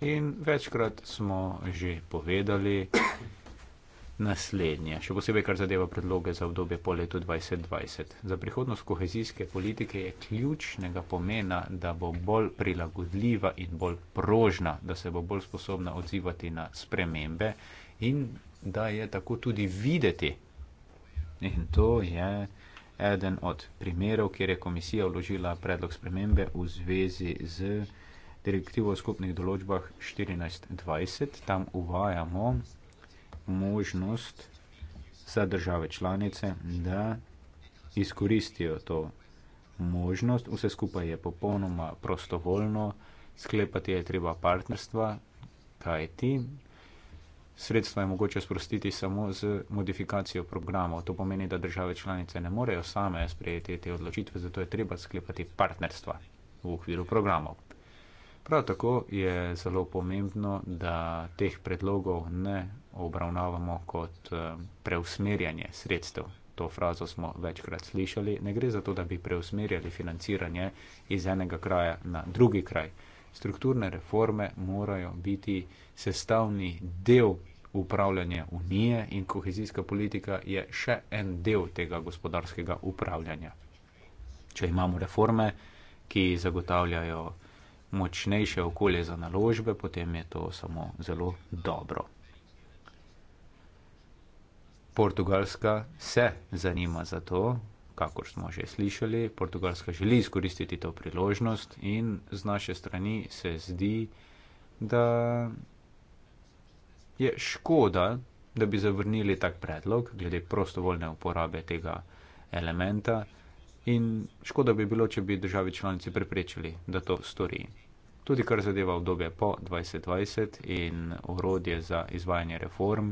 Speaker 4: In večkrat smo že povedali naslednje, še posebej kar zadeva predloge za obdobje po letu 2020. Za prihodnost kohezijske politike je ključnega pomena, da bo bolj prilagodljiva in bolj prožna, da se bo bolj sposobna odzivati na spremembe in da je tako tudi videti. In to je eden od primerov, kjer je komisija vložila predlog spremembe v zvezi z direktivo o skupnih določbah 1420, tam uvajamo možnost za države članice, da izkoristijo to možnost. Vse skupaj je popolnoma prostovoljno, sklepati je treba partnerstva, kaj ti. Sredstva je mogoče sprostiti samo z modifikacijo programov. To pomeni, da države članice ne morejo same sprejeti te odločitve, zato je treba sklepati partnerstva v okviru programov. Prav tako je zelo pomembno, da teh predlogov ne obravnavamo kot eh, preusmerjanje sredstev. To frazo smo večkrat slišali. Ne gre za to, da bi preusmerjali financiranje iz enega kraja na drugi kraj. Strukturne reforme morajo biti sestavni del upravljanja unije in kohezijska politika je še en del tega gospodarskega upravljanja. Če imamo reforme, ki zagotavljajo močnejše okolje za naložbe, potem je to samo zelo dobro. Portugalska se zanima za to, kakor smo že slišali. Portugalska želi izkoristiti to priložnost in z naše strani se zdi, da je škoda, da bi zavrnili tak predlog glede prostovoljne uporabe tega elementa in škoda bi bilo, če bi državi članici preprečili, da to stori. Tudi kar zadeva obdobje po 2020 in orodje za izvajanje reform,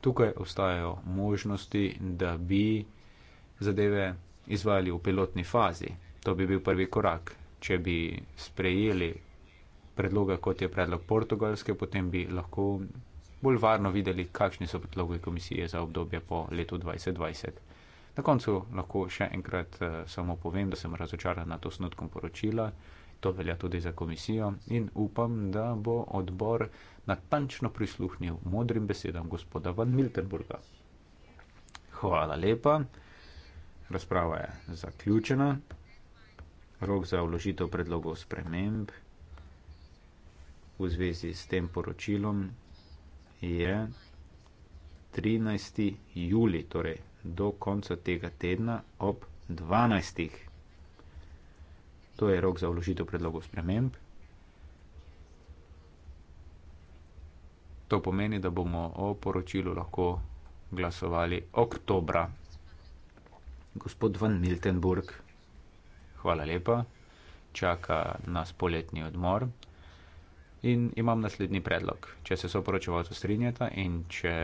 Speaker 4: tukaj ostajajo možnosti, da bi zadeve izvajali v pilotni fazi. To bi bil prvi korak. Če bi sprejeli predloge, kot je predlog portugalske, potem bi lahko bolj varno videli, kakšni so predlogi komisije za obdobje po letu 2020. Na koncu lahko še enkrat uh, samo povem, da sem razočaran nad osnutkom poročila, to velja tudi za komisijo in upam, da bo odbor natančno prisluhnil modrim besedam gospoda Van Miltenburga. Hvala lepa, razprava je zaključena. Rok za vložitev predlogov sprememb v zvezi s tem poročilom je 13. juli, torej do konca tega tedna ob 12. To je rok za vložitev predlogov sprememb. To pomeni, da bomo o poročilu lahko glasovali oktobra. Gospod Van Miltenburg, hvala lepa, čaka nas poletni odmor in imam naslednji predlog. Če se soporočevalce strinjata in če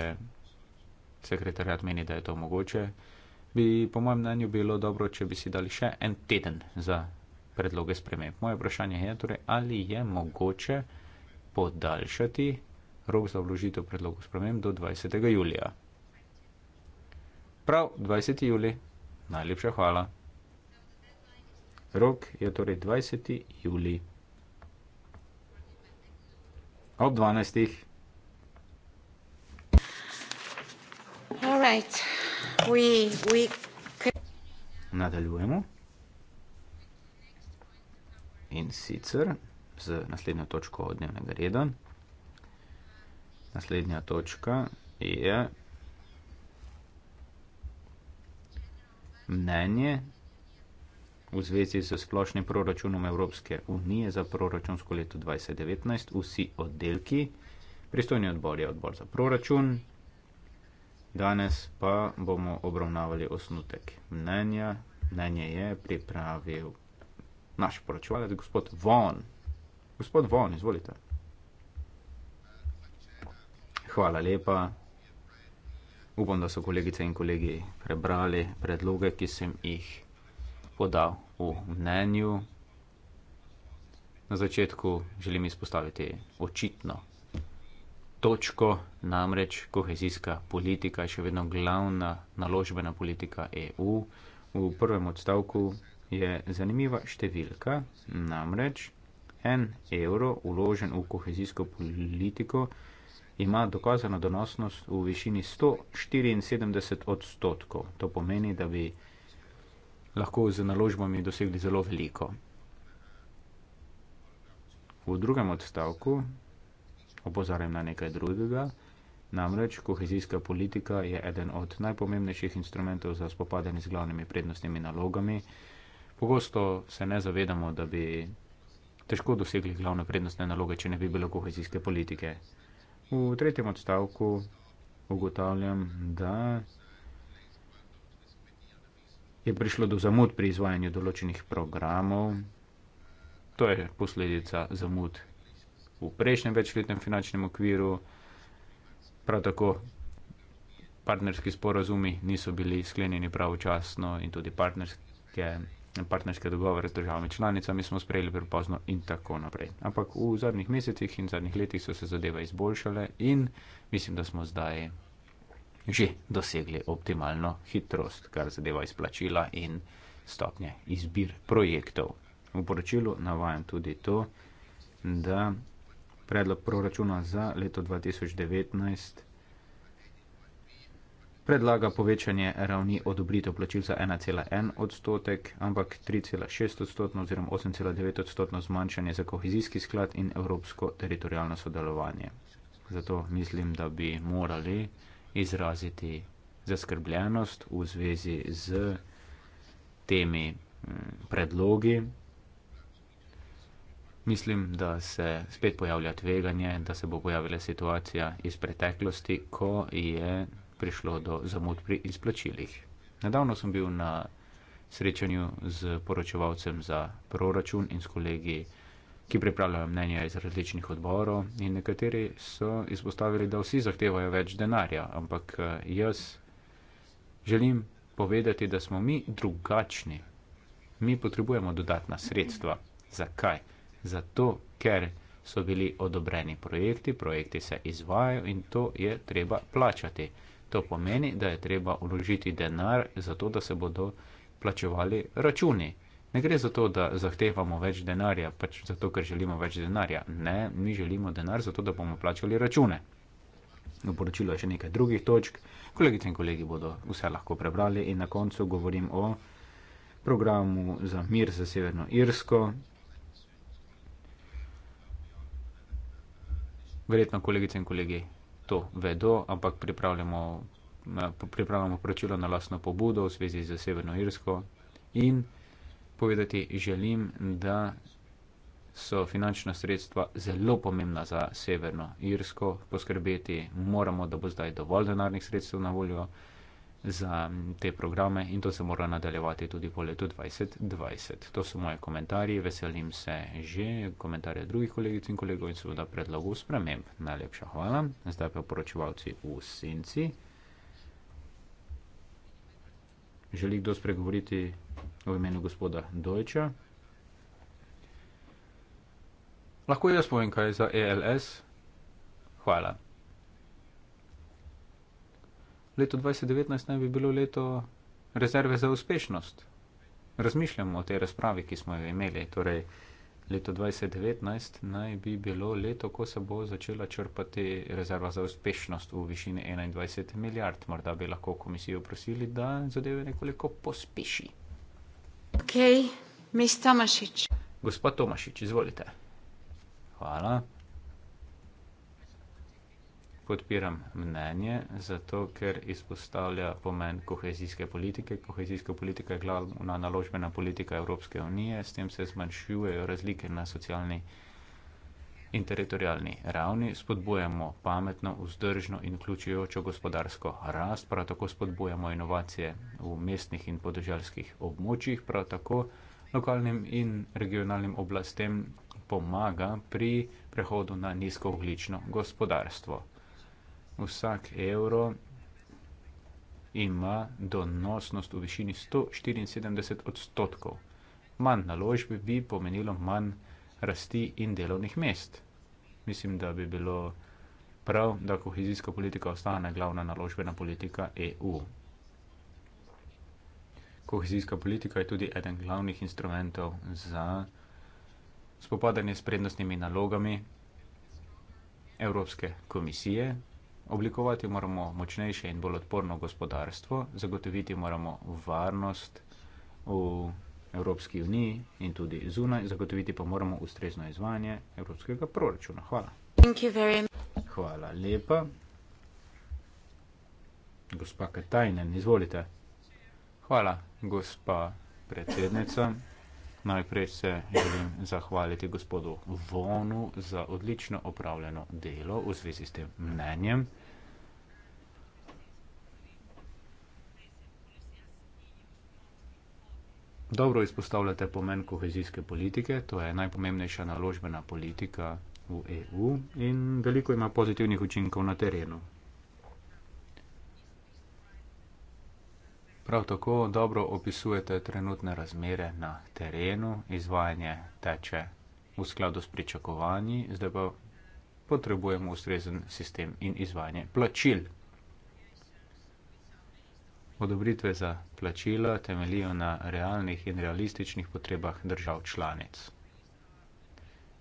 Speaker 4: sekretarjat meni, da je to mogoče, bi po mojem mnenju bilo dobro, če bi si dali še en teden za predloge sprememb. Moje vprašanje je torej, ali je mogoče podaljšati rok za vložitev predlogov sprememb do 20. julija. Prav 20. juli, najlepša hvala. Rok je torej 20. juli. Ob 12.
Speaker 1: All right. We, we...
Speaker 4: Nadaljujemo. In sicer z naslednjo točko dnevnega reda. Naslednja točka je mnenje v zvezi s splošnim proračunom Evropske unije za proračunsko leto dvajset devetnajst, vsi oddelki. Pristojni odbor je odbor za proračun. Danes pa bomo obravnavali osnutek mnenja. Mnenje je pripravil naš poročevalec, gospod Von. Gospod Von, izvolite. Hvala lepa. Upam, da so kolegice in kolegi prebrali predloge, ki sem jih podal v mnenju. Na začetku želim izpostaviti očitno točko, namreč kohezijska politika je še vedno glavna naložbena politika EU. V prvem odstavku je zanimiva številka, namreč en evro uložen v kohezijsko politiko ima dokazano donosnost v višini 174 odstotkov. To pomeni, da bi lahko z naložbami dosegli zelo veliko. V drugem odstavku opozarjam na nekaj drugega. Namreč kohezijska politika je eden od najpomembnejših instrumentov za spopadanje z glavnimi prednostnimi nalogami. Pogosto se ne zavedamo, da bi težko dosegli glavne prednostne naloge, če ne bi bilo kohezijske politike. V tretjem odstavku ugotavljam, da je prišlo do zamud pri izvajanju določenih programov. To je posledica zamud v prejšnjem večletnem finančnem okviru, prav tako partnerski sporazumi niso bili sklenjeni pravočasno in tudi partnerske, partnerske dogovore z državami članicami smo sprejeli prepozno in tako naprej. Ampak v zadnjih mesecih in zadnjih letih so se zadeve izboljšale in mislim, da smo zdaj že dosegli optimalno hitrost, kar zadeva izplačila in stopnje izbir projektov. V poročilu navajam tudi to, da predlog proračuna za leto 2019 predlaga povečanje ravni odobritev plačil za 1,1 odstotek, ampak 3,6 odstotno oziroma 8,9 odstotno zmanjšanje za kohezijski sklad in evropsko teritorijalno sodelovanje. Zato mislim, da bi morali izraziti zaskrbljenost v zvezi z temi mm, predlogi. Mislim, da se spet pojavlja tveganje, da se bo pojavila situacija iz preteklosti, ko je prišlo do zamud pri izplačilih. Nedavno sem bil na srečanju z poročevalcem za proračun in s kolegi, ki pripravljajo mnenja iz različnih odborov in nekateri so izpostavili, da vsi zahtevajo več denarja, ampak eh, jaz želim povedati, da smo mi drugačni. Mi potrebujemo dodatna sredstva. Zakaj? zato ker so bili odobreni projekti, projekti se izvajajo in to je treba plačati. To pomeni, da je treba uložiti denar za to, da se bodo plačevali računi. Ne gre za to, da zahtevamo več denarja, pač zato, ker želimo več denarja. Ne, mi želimo denar zato, da bomo plačali račune. V poročilu je še nekaj drugih točk. Kolegice in kolegi bodo vse lahko prebrali in na koncu govorim o programu za mir za Severno Irsko, verjetno kolegice in kolegi to vedo, ampak pripravljamo, eh, pripravljamo poročilo na lasno pobudo v zvezi z Severno Irsko in povedati želim, da so finančna sredstva zelo pomembna za Severno Irsko, poskrbeti moramo, da bo zdaj dovolj denarnih sredstev na voljo, za mm, te programe in to se mora nadaljevati tudi po letu 2020. To so moje komentarji, veselim se že komentarje drugih kolegic in kolegov in seveda predlogov sprememb. Najlepša hvala. Zdaj pa poročevalci v senci. Želi kdo spregovoriti v imenu gospoda Dojča? Lahko jaz povem kaj za ELS? Hvala leto 2019 naj bi bilo leto rezerve za uspešnost. Razmišljamo o tej razpravi, ki smo jo imeli. Torej, leto 2019 naj bi bilo leto, ko se bo začela črpati rezerva za uspešnost v višini 21 milijard. Morda bi lahko komisijo prosili, da zadeve nekoliko pospeši.
Speaker 1: Ok, mister Tomašič.
Speaker 4: Gospod Tomašič, izvolite. Hvala podpiram mnenje, zato ker izpostavlja pomen kohezijske politike. Kohezijska politika je glavna naložbena politika Evropske unije, s tem se zmanjšujejo razlike na socialni in teritorijalni ravni, spodbujamo pametno, vzdržno in vključujočo gospodarsko rast, prav tako spodbujamo inovacije v mestnih in podeželskih območjih, prav tako lokalnim in regionalnim oblastem pomaga pri prehodu na nizkooglično gospodarstvo vsak evro ima donosnost v višini 174 odstotkov. Manj naložbe bi pomenilo manj rasti in delovnih mest. Mislim, da bi bilo prav, da kohezijska politika ostane glavna naložbena politika EU. Kohezijska politika je tudi eden glavnih instrumentov za spopadanje s prednostnimi nalogami Evropske komisije, Oblikovati moramo močnejše in bolj odporno gospodarstvo, zagotoviti moramo varnost v Evropski uniji in tudi zunaj, zagotoviti pa moramo ustrezno izvajanje evropskega proračuna. Hvala. Hvala lepa. Gospa Katajnen, izvolite. Hvala, gospa predsednica. Najprej se želim zahvaliti gospodu Vonu za odlično opravljeno delo v zvezi s tem mnenjem. Dobro izpostavljate pomen kohezijske politike, to je najpomembnejša naložbena politika v EU in veliko ima pozitivnih učinkov na terenu. Prav tako dobro opisujete trenutne razmere na terenu, izvajanje teče v skladu s pričakovanji, zdaj pa potrebujemo ustrezen sistem in izvajanje plačil. Odobritve za plačila temelijo na realnih in realističnih potrebah držav članic.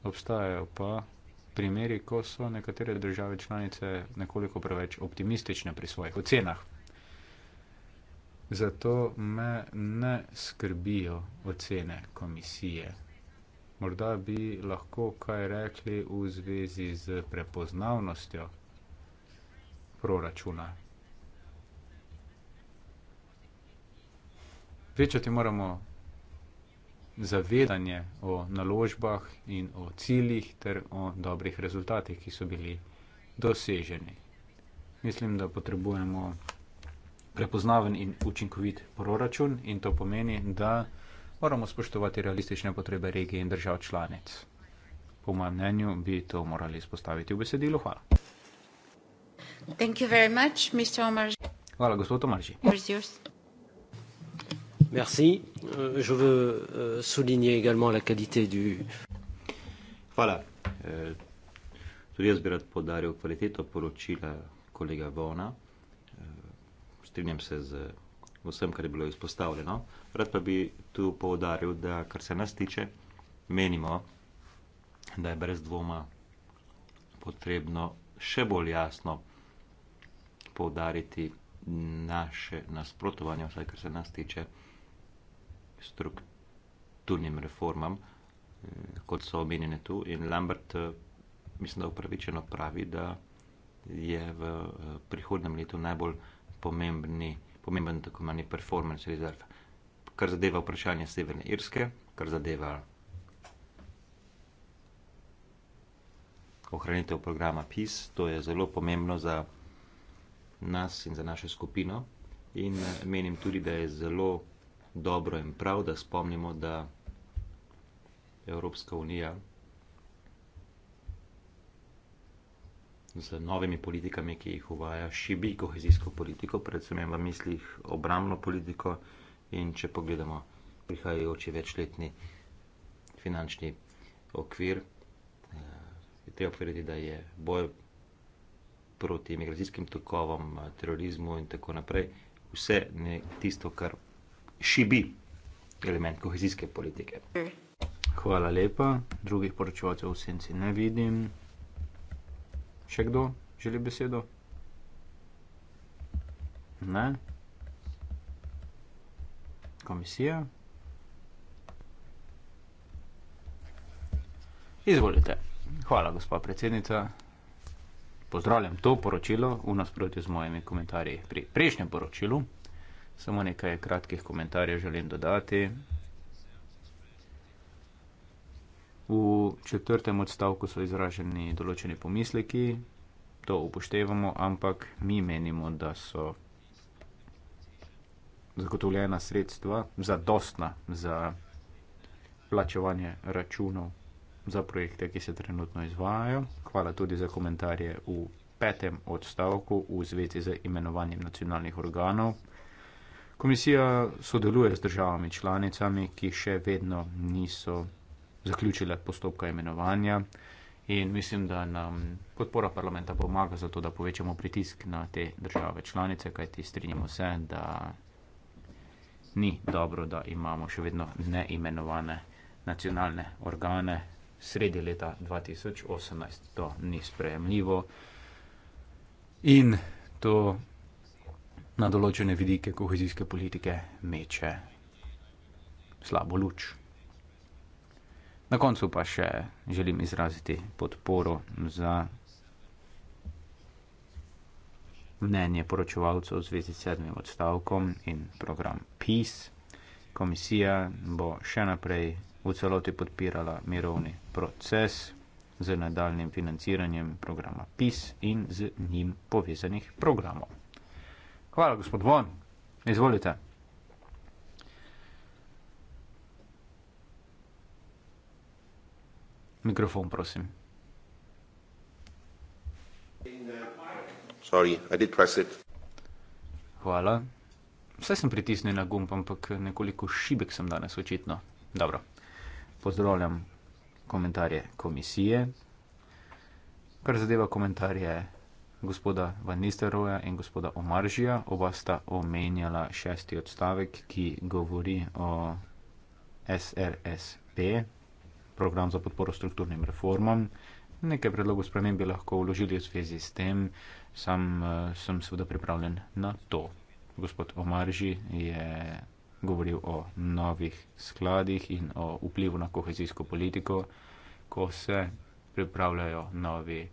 Speaker 4: Obstajajo pa primeri, ko so nekatere države članice nekoliko preveč optimistične pri svojih ocenah. Zato me ne skrbijo ocene komisije. Morda bi lahko kaj rekli v zvezi z prepoznavnostjo proračuna. Večati moramo zavedanje o naložbah in o ciljih ter o dobrih rezultatih, ki so bili doseženi. Mislim, da potrebujemo prepoznaven in učinkovit proračun in to pomeni, da moramo spoštovati realistične potrebe regije in držav članic. Po mojem mnenju bi to morali izpostaviti v besedilu. Hvala.
Speaker 1: Thank you very much, Mr. Omar.
Speaker 4: Hvala, gospod Tomarži. Merci. Euh, je veux euh, souligner également la qualité du.
Speaker 3: Hvala. Euh, tudi jaz bi rad podaril kvaliteto poročila kolega Vona strinjam se z vsem, kar je bilo izpostavljeno. Rad pa bi tu poudaril, da kar se nas tiče, menimo, da je brez dvoma potrebno še bolj jasno poudariti naše nasprotovanje, vsaj kar se nas tiče, strukturnim reformam, eh, kot so omenjene tu. In Lambert, eh, mislim, da upravičeno pravi, da je v eh, prihodnem letu najbolj pomembni, pomemben, tako imenovani performance rezerv. Kar zadeva vprašanje Severne Irske, kar zadeva ohranitev programa PIS, to je zelo pomembno za nas in za našo skupino. In eh, menim tudi, da je zelo dobro in prav, da spomnimo, da Evropska unija z novimi politikami, ki jih uvaja, šibi kohezijsko politiko, predvsem v mislih obramno politiko in če pogledamo prihajajoči večletni finančni okvir, eh, je treba povedati, da je boj proti imigracijskim tokovom, eh, terorizmu in tako naprej vse ne tisto, kar šibi
Speaker 4: element kohezijske politike. Mm. Hvala lepa, drugih poročevalcev v senci ne vidim. Še kdo želi besedo? Ne. Komisija? Izvolite. Hvala, gospa predsednica. Pozdravljam to poročilo v nasprotju z mojimi komentarji pri prejšnjem poročilu. Samo nekaj kratkih komentarjev želim dodati. V četrtem odstavku so izraženi določeni pomisleki, to upoštevamo, ampak mi menimo, da so zagotovljena sredstva zadostna za plačevanje računov za projekte, ki se trenutno izvajajo. Hvala tudi za komentarje v petem odstavku v zvezi z imenovanjem nacionalnih organov. Komisija sodeluje z državami članicami, ki še vedno niso zaključile postopka imenovanja. In mislim, da nam podpora parlamenta pomaga za to, da povečamo pritisk na te države članice, kajti strinjamo se, da ni dobro, da imamo še vedno neimenovane nacionalne organe sredi leta 2018. To ni sprejemljivo. In to na določene vidike kohezijske politike meče slabo luč. Na koncu pa še želim izraziti podporo za mnenje poročevalcev v zvezi s sedmim odstavkom in program Peace. Komisija bo še naprej v celoti podpirala mirovni proces z nadaljnim financiranjem programa PIS in z njim povezanih programov. Hvala, gospod Von. Izvolite. Mikrofon, prosim. Hvala. Vse sem pritisnil na gumb, ampak nekoliko šibek sem danes, očitno. Dobro. Pozdravljam komentarje komisije. Kar zadeva komentarje gospoda Van Nistelrooja in gospoda Omaržija, oba sta omenjala šesti odstavek, ki govori o SRSP, program za podporo strukturnim reformam. Nekaj predlogov sprememb bi lahko vložili v zvezi s tem, sam uh, sem seveda pripravljen na to. Gospod Omarži je govoril o novih skladih in o vplivu na kohezijsko politiko, ko se pripravljajo novi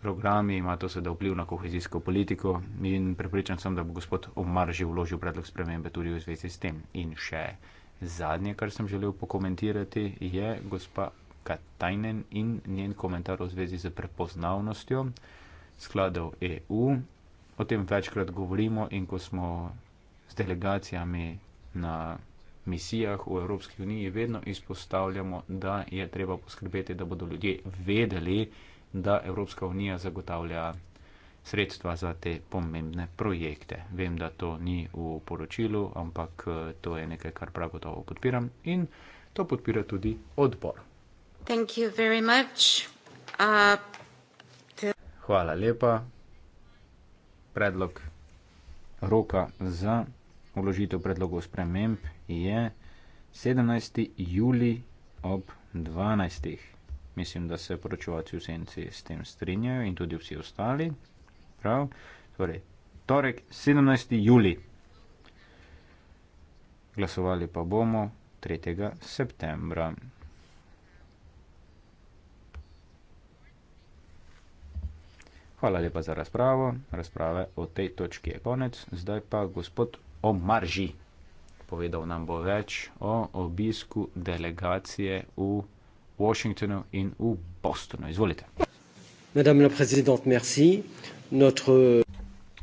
Speaker 4: programi, ima to seveda vpliv na kohezijsko politiko in prepričan sem, da bo gospod Omarži vložil predlog spremembe tudi v zvezi s tem in še. Zadnje, kar sem želel pokomentirati, je gospa Katajnen in njen komentar v zvezi z prepoznavnostjo skladov EU. O tem večkrat govorimo in ko smo s delegacijami na misijah v Evropski uniji, vedno izpostavljamo, da je treba poskrbeti, da bodo ljudje vedeli, da Evropska unija zagotavlja sredstva za te pomembne projekte. Vem, da to ni v poročilu, ampak to je nekaj, kar prav gotovo podpiram in to podpira tudi odbor.
Speaker 1: Uh, to...
Speaker 4: Hvala lepa. Predlog roka za uložitev predlogov sprememb je 17. juli ob 12. Mislim, da se poročovalci v senci s tem strinjajo in tudi vsi ostali prav, torej, torek 17. juli. Glasovali pa bomo 3. septembra. Hvala lepa za razpravo. Razprave o tej točki je konec. Zdaj pa gospod Omarži povedal nam bo več o obisku delegacije v Washingtonu in v Bostonu. Izvolite.
Speaker 1: Madame la présidente, merci notre.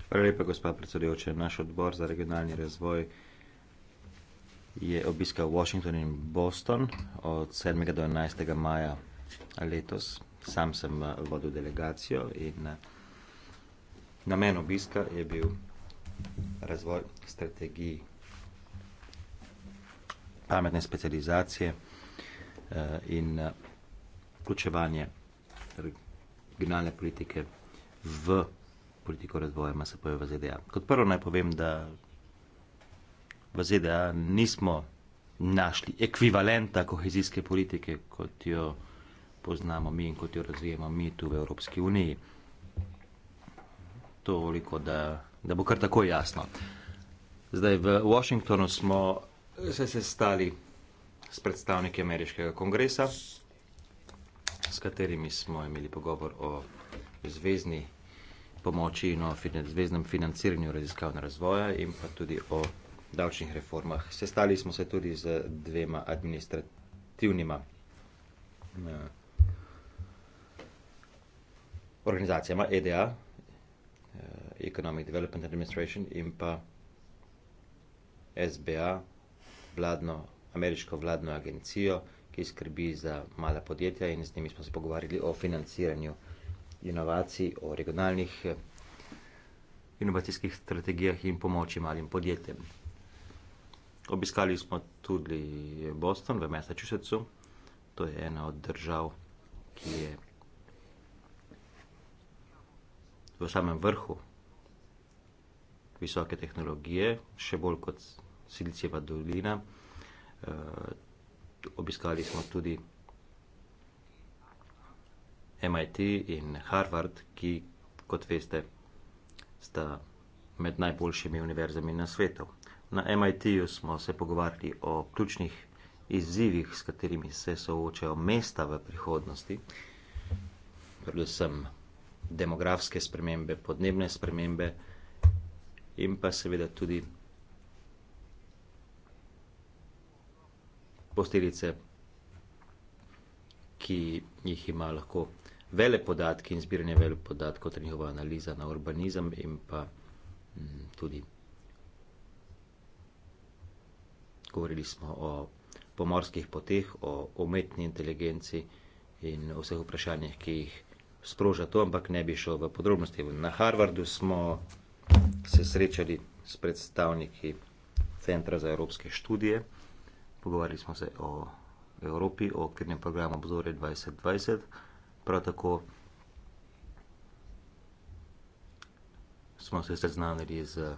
Speaker 3: Hvala lepa, gospod predsedujoče. Naš odbor za regionalni razvoj je obiskal Washington in Boston od 7. do 11. maja letos. Sam sem eh, vodil delegacijo in eh, namen obiska je bil razvoj strategij pametne specializacije eh, in vključevanje regionalne politike v politiko razvoja MSP-ja v ZDA. Kot prvo naj povem, da v ZDA nismo našli ekvivalenta kohezijske politike, kot jo poznamo mi in kot jo razvijemo mi tu v Evropski uniji. Toliko, da, da bo kar tako jasno. Zdaj, v Washingtonu smo se sestali s predstavniki ameriškega kongresa, s katerimi smo imeli pogovor o zvezdni pomoči in o finan zvezdnem financiranju raziskav in razvoja in pa tudi o davčnih reformah. Sestali smo se tudi z dvema administrativnima
Speaker 4: eh,
Speaker 3: organizacijama, EDA, eh, Economic Development Administration in pa SBA, vladno, ameriško vladno agencijo, ki skrbi za mala podjetja in z njimi smo se pogovarjali o financiranju inovacij, o regionalnih eh, inovacijskih strategijah in pomoči malim podjetjem. Obiskali smo tudi Boston v Massachusettsu, to je ena od držav, ki je v samem vrhu visoke tehnologije, še bolj kot Silicijeva dolina. Eh, obiskali smo tudi MIT in Harvard, ki, kot veste, sta med najboljšimi univerzami na svetu. Na MIT-ju smo se pogovarjali o ključnih izzivih, s katerimi se soočajo mesta v prihodnosti, predvsem demografske spremembe, podnebne spremembe in pa seveda tudi posteljice, ki jih ima lahko velepodatki in zbiranje velepodatkov, ter njihova analiza na urbanizem in pa m, mm, tudi govorili smo o pomorskih poteh, o umetni inteligenci in o vseh vprašanjih, ki jih sproža to, ampak ne bi šel v podrobnosti. Na Harvardu smo se srečali s predstavniki Centra za evropske študije, pogovarjali smo se o Evropi, o okvirnem programu Obzore 2020 prav tako smo se seznanili z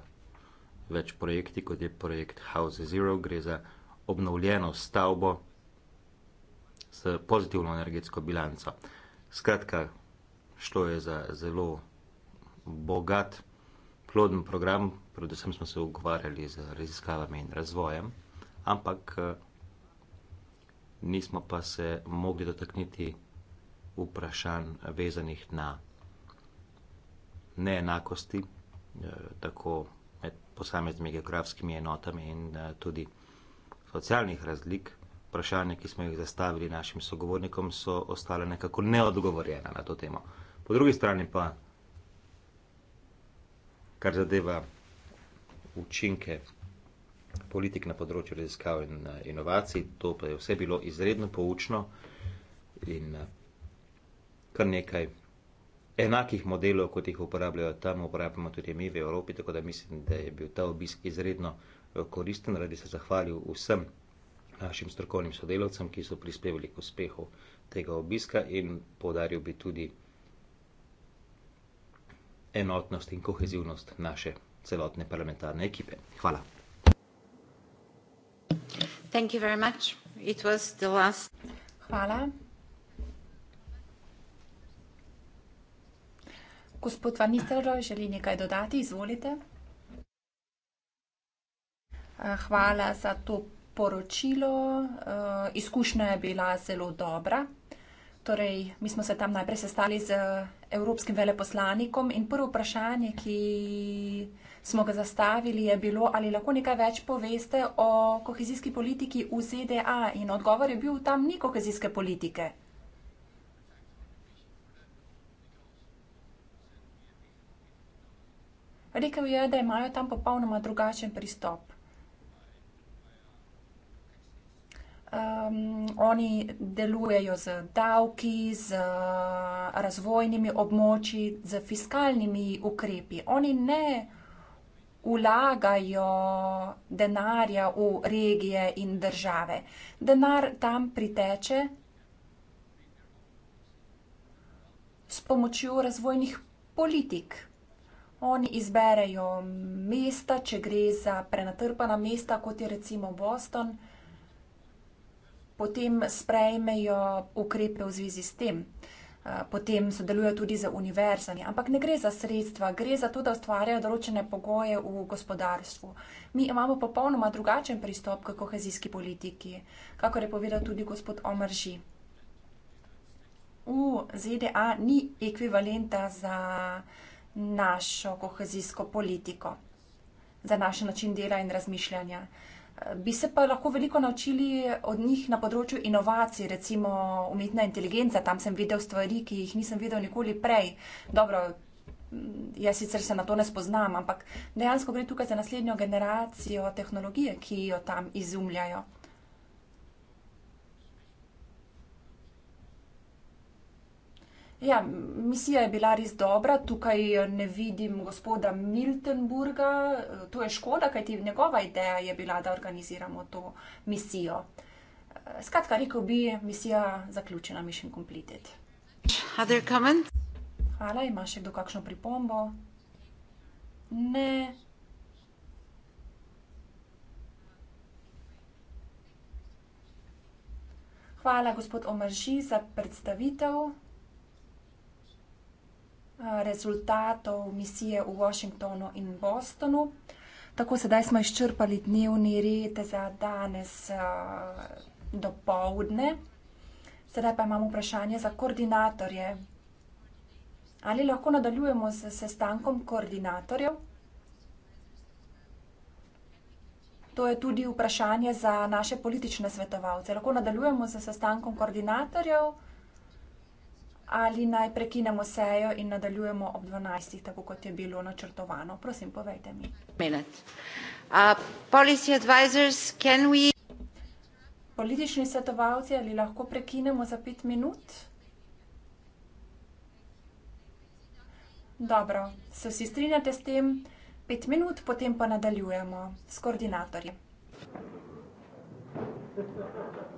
Speaker 3: več projekti, kot je projekt House Zero. Gre za obnovljeno stavbo s pozitivno energetsko bilanco. Skratka, šlo je za zelo bogat, ploden program, predvsem smo se ukvarjali z raziskavami in razvojem, ampak eh, nismo pa se mogli dotakniti vprašanj vezanih na neenakosti, eh, tako med posameznimi geografskimi enotami in eh, tudi socialnih razlik. Vprašanje, ki smo jih zastavili našim sogovornikom, so ostale nekako neodgovorjena na to temo. Po drugi strani pa, kar zadeva učinke politik na področju raziskav in eh, inovacij, to pa je vse bilo izredno poučno in kar nekaj enakih modelov, kot jih uporabljajo tam, uporabljamo tudi mi v Evropi, tako da mislim, da je bil ta obisk izredno eh, koristen, radi se zahvalil vsem našim strokovnim sodelovcem, ki so prispevali k uspehu tega obiska in podaril bi tudi enotnost in kohezivnost naše celotne parlamentarne ekipe. Hvala.
Speaker 1: Thank you very much. It was the last... Hvala. Gospod Van Nistelrooy želi
Speaker 2: nekaj dodati, izvolite. Eh, hvala za to poročilo. Eh, izkušnja je bila zelo dobra. Torej, mi smo se tam najprej sestali z evropskim veleposlanikom in prvo vprašanje, ki smo ga zastavili, je bilo, ali lahko nekaj več poveste o kohezijski politiki v ZDA. In odgovor je bil, tam ni kohezijske politike. Rekel je, da imajo tam popolnoma drugačen pristop. Um, oni delujejo z davki, z uh, razvojnimi območji, z fiskalnimi ukrepi. Oni ne vlagajo denarja v regije in države. Denar tam priteče s pomočjo razvojnih politik. Oni izberejo mesta, če gre za prenatrpana mesta, kot je recimo Boston, potem sprejmejo ukrepe v zvezi s tem. Potem sodelujo tudi z univerzami, ampak ne gre za sredstva, gre za to, da ustvarjajo določene pogoje v gospodarstvu. Mi imamo popolnoma drugačen pristop k kohezijski politiki, kako je povedal tudi gospod Omrži. V ZDA ni ekvivalenta za našo kohezijsko politiko, za naše način dela in razmišljanja. Bi se pa lahko veliko naučili od njih na področju inovacij, recimo umetna inteligenca. Tam sem videl stvari, ki jih nisem videl nikoli prej. Dobro, jaz sicer se na to ne spoznam, ampak dejansko gre tukaj za naslednjo generacijo tehnologije, ki jo tam izumljajo. Ja, misija je bila res dobra. Tukaj eh, ne vidim gospoda Miltenburga. Eh, to je škoda, kajti njegova ideja je bila, da organiziramo to misijo. Eh, skratka, rekel bi, misija zaključena, mission completed. Hvala, ima še kdo kakšno pripombo? Ne. Hvala, gospod Omarži, za predstavitev rezultatov misije v Washingtonu in Bostonu. Tako sedaj smo izčrpali dnevni red za danes eh, do povdne. Sedaj pa imamo vprašanje za koordinatorje. Ali lahko nadaljujemo s sestankom koordinatorjev? To je tudi vprašanje za naše politične svetovalce. Lahko nadaljujemo s sestankom koordinatorjev? ali naj prekinemo sejo in nadaljujemo ob 12. tako kot je bilo načrtovano. Prosim, povejte mi. Uh, Politični svetovalci, ali lahko prekinemo za pet minut? Dobro, se vsi strinjate s tem? Pet minut, potem pa nadaljujemo s koordinatorjem.
Speaker 4: Thank you.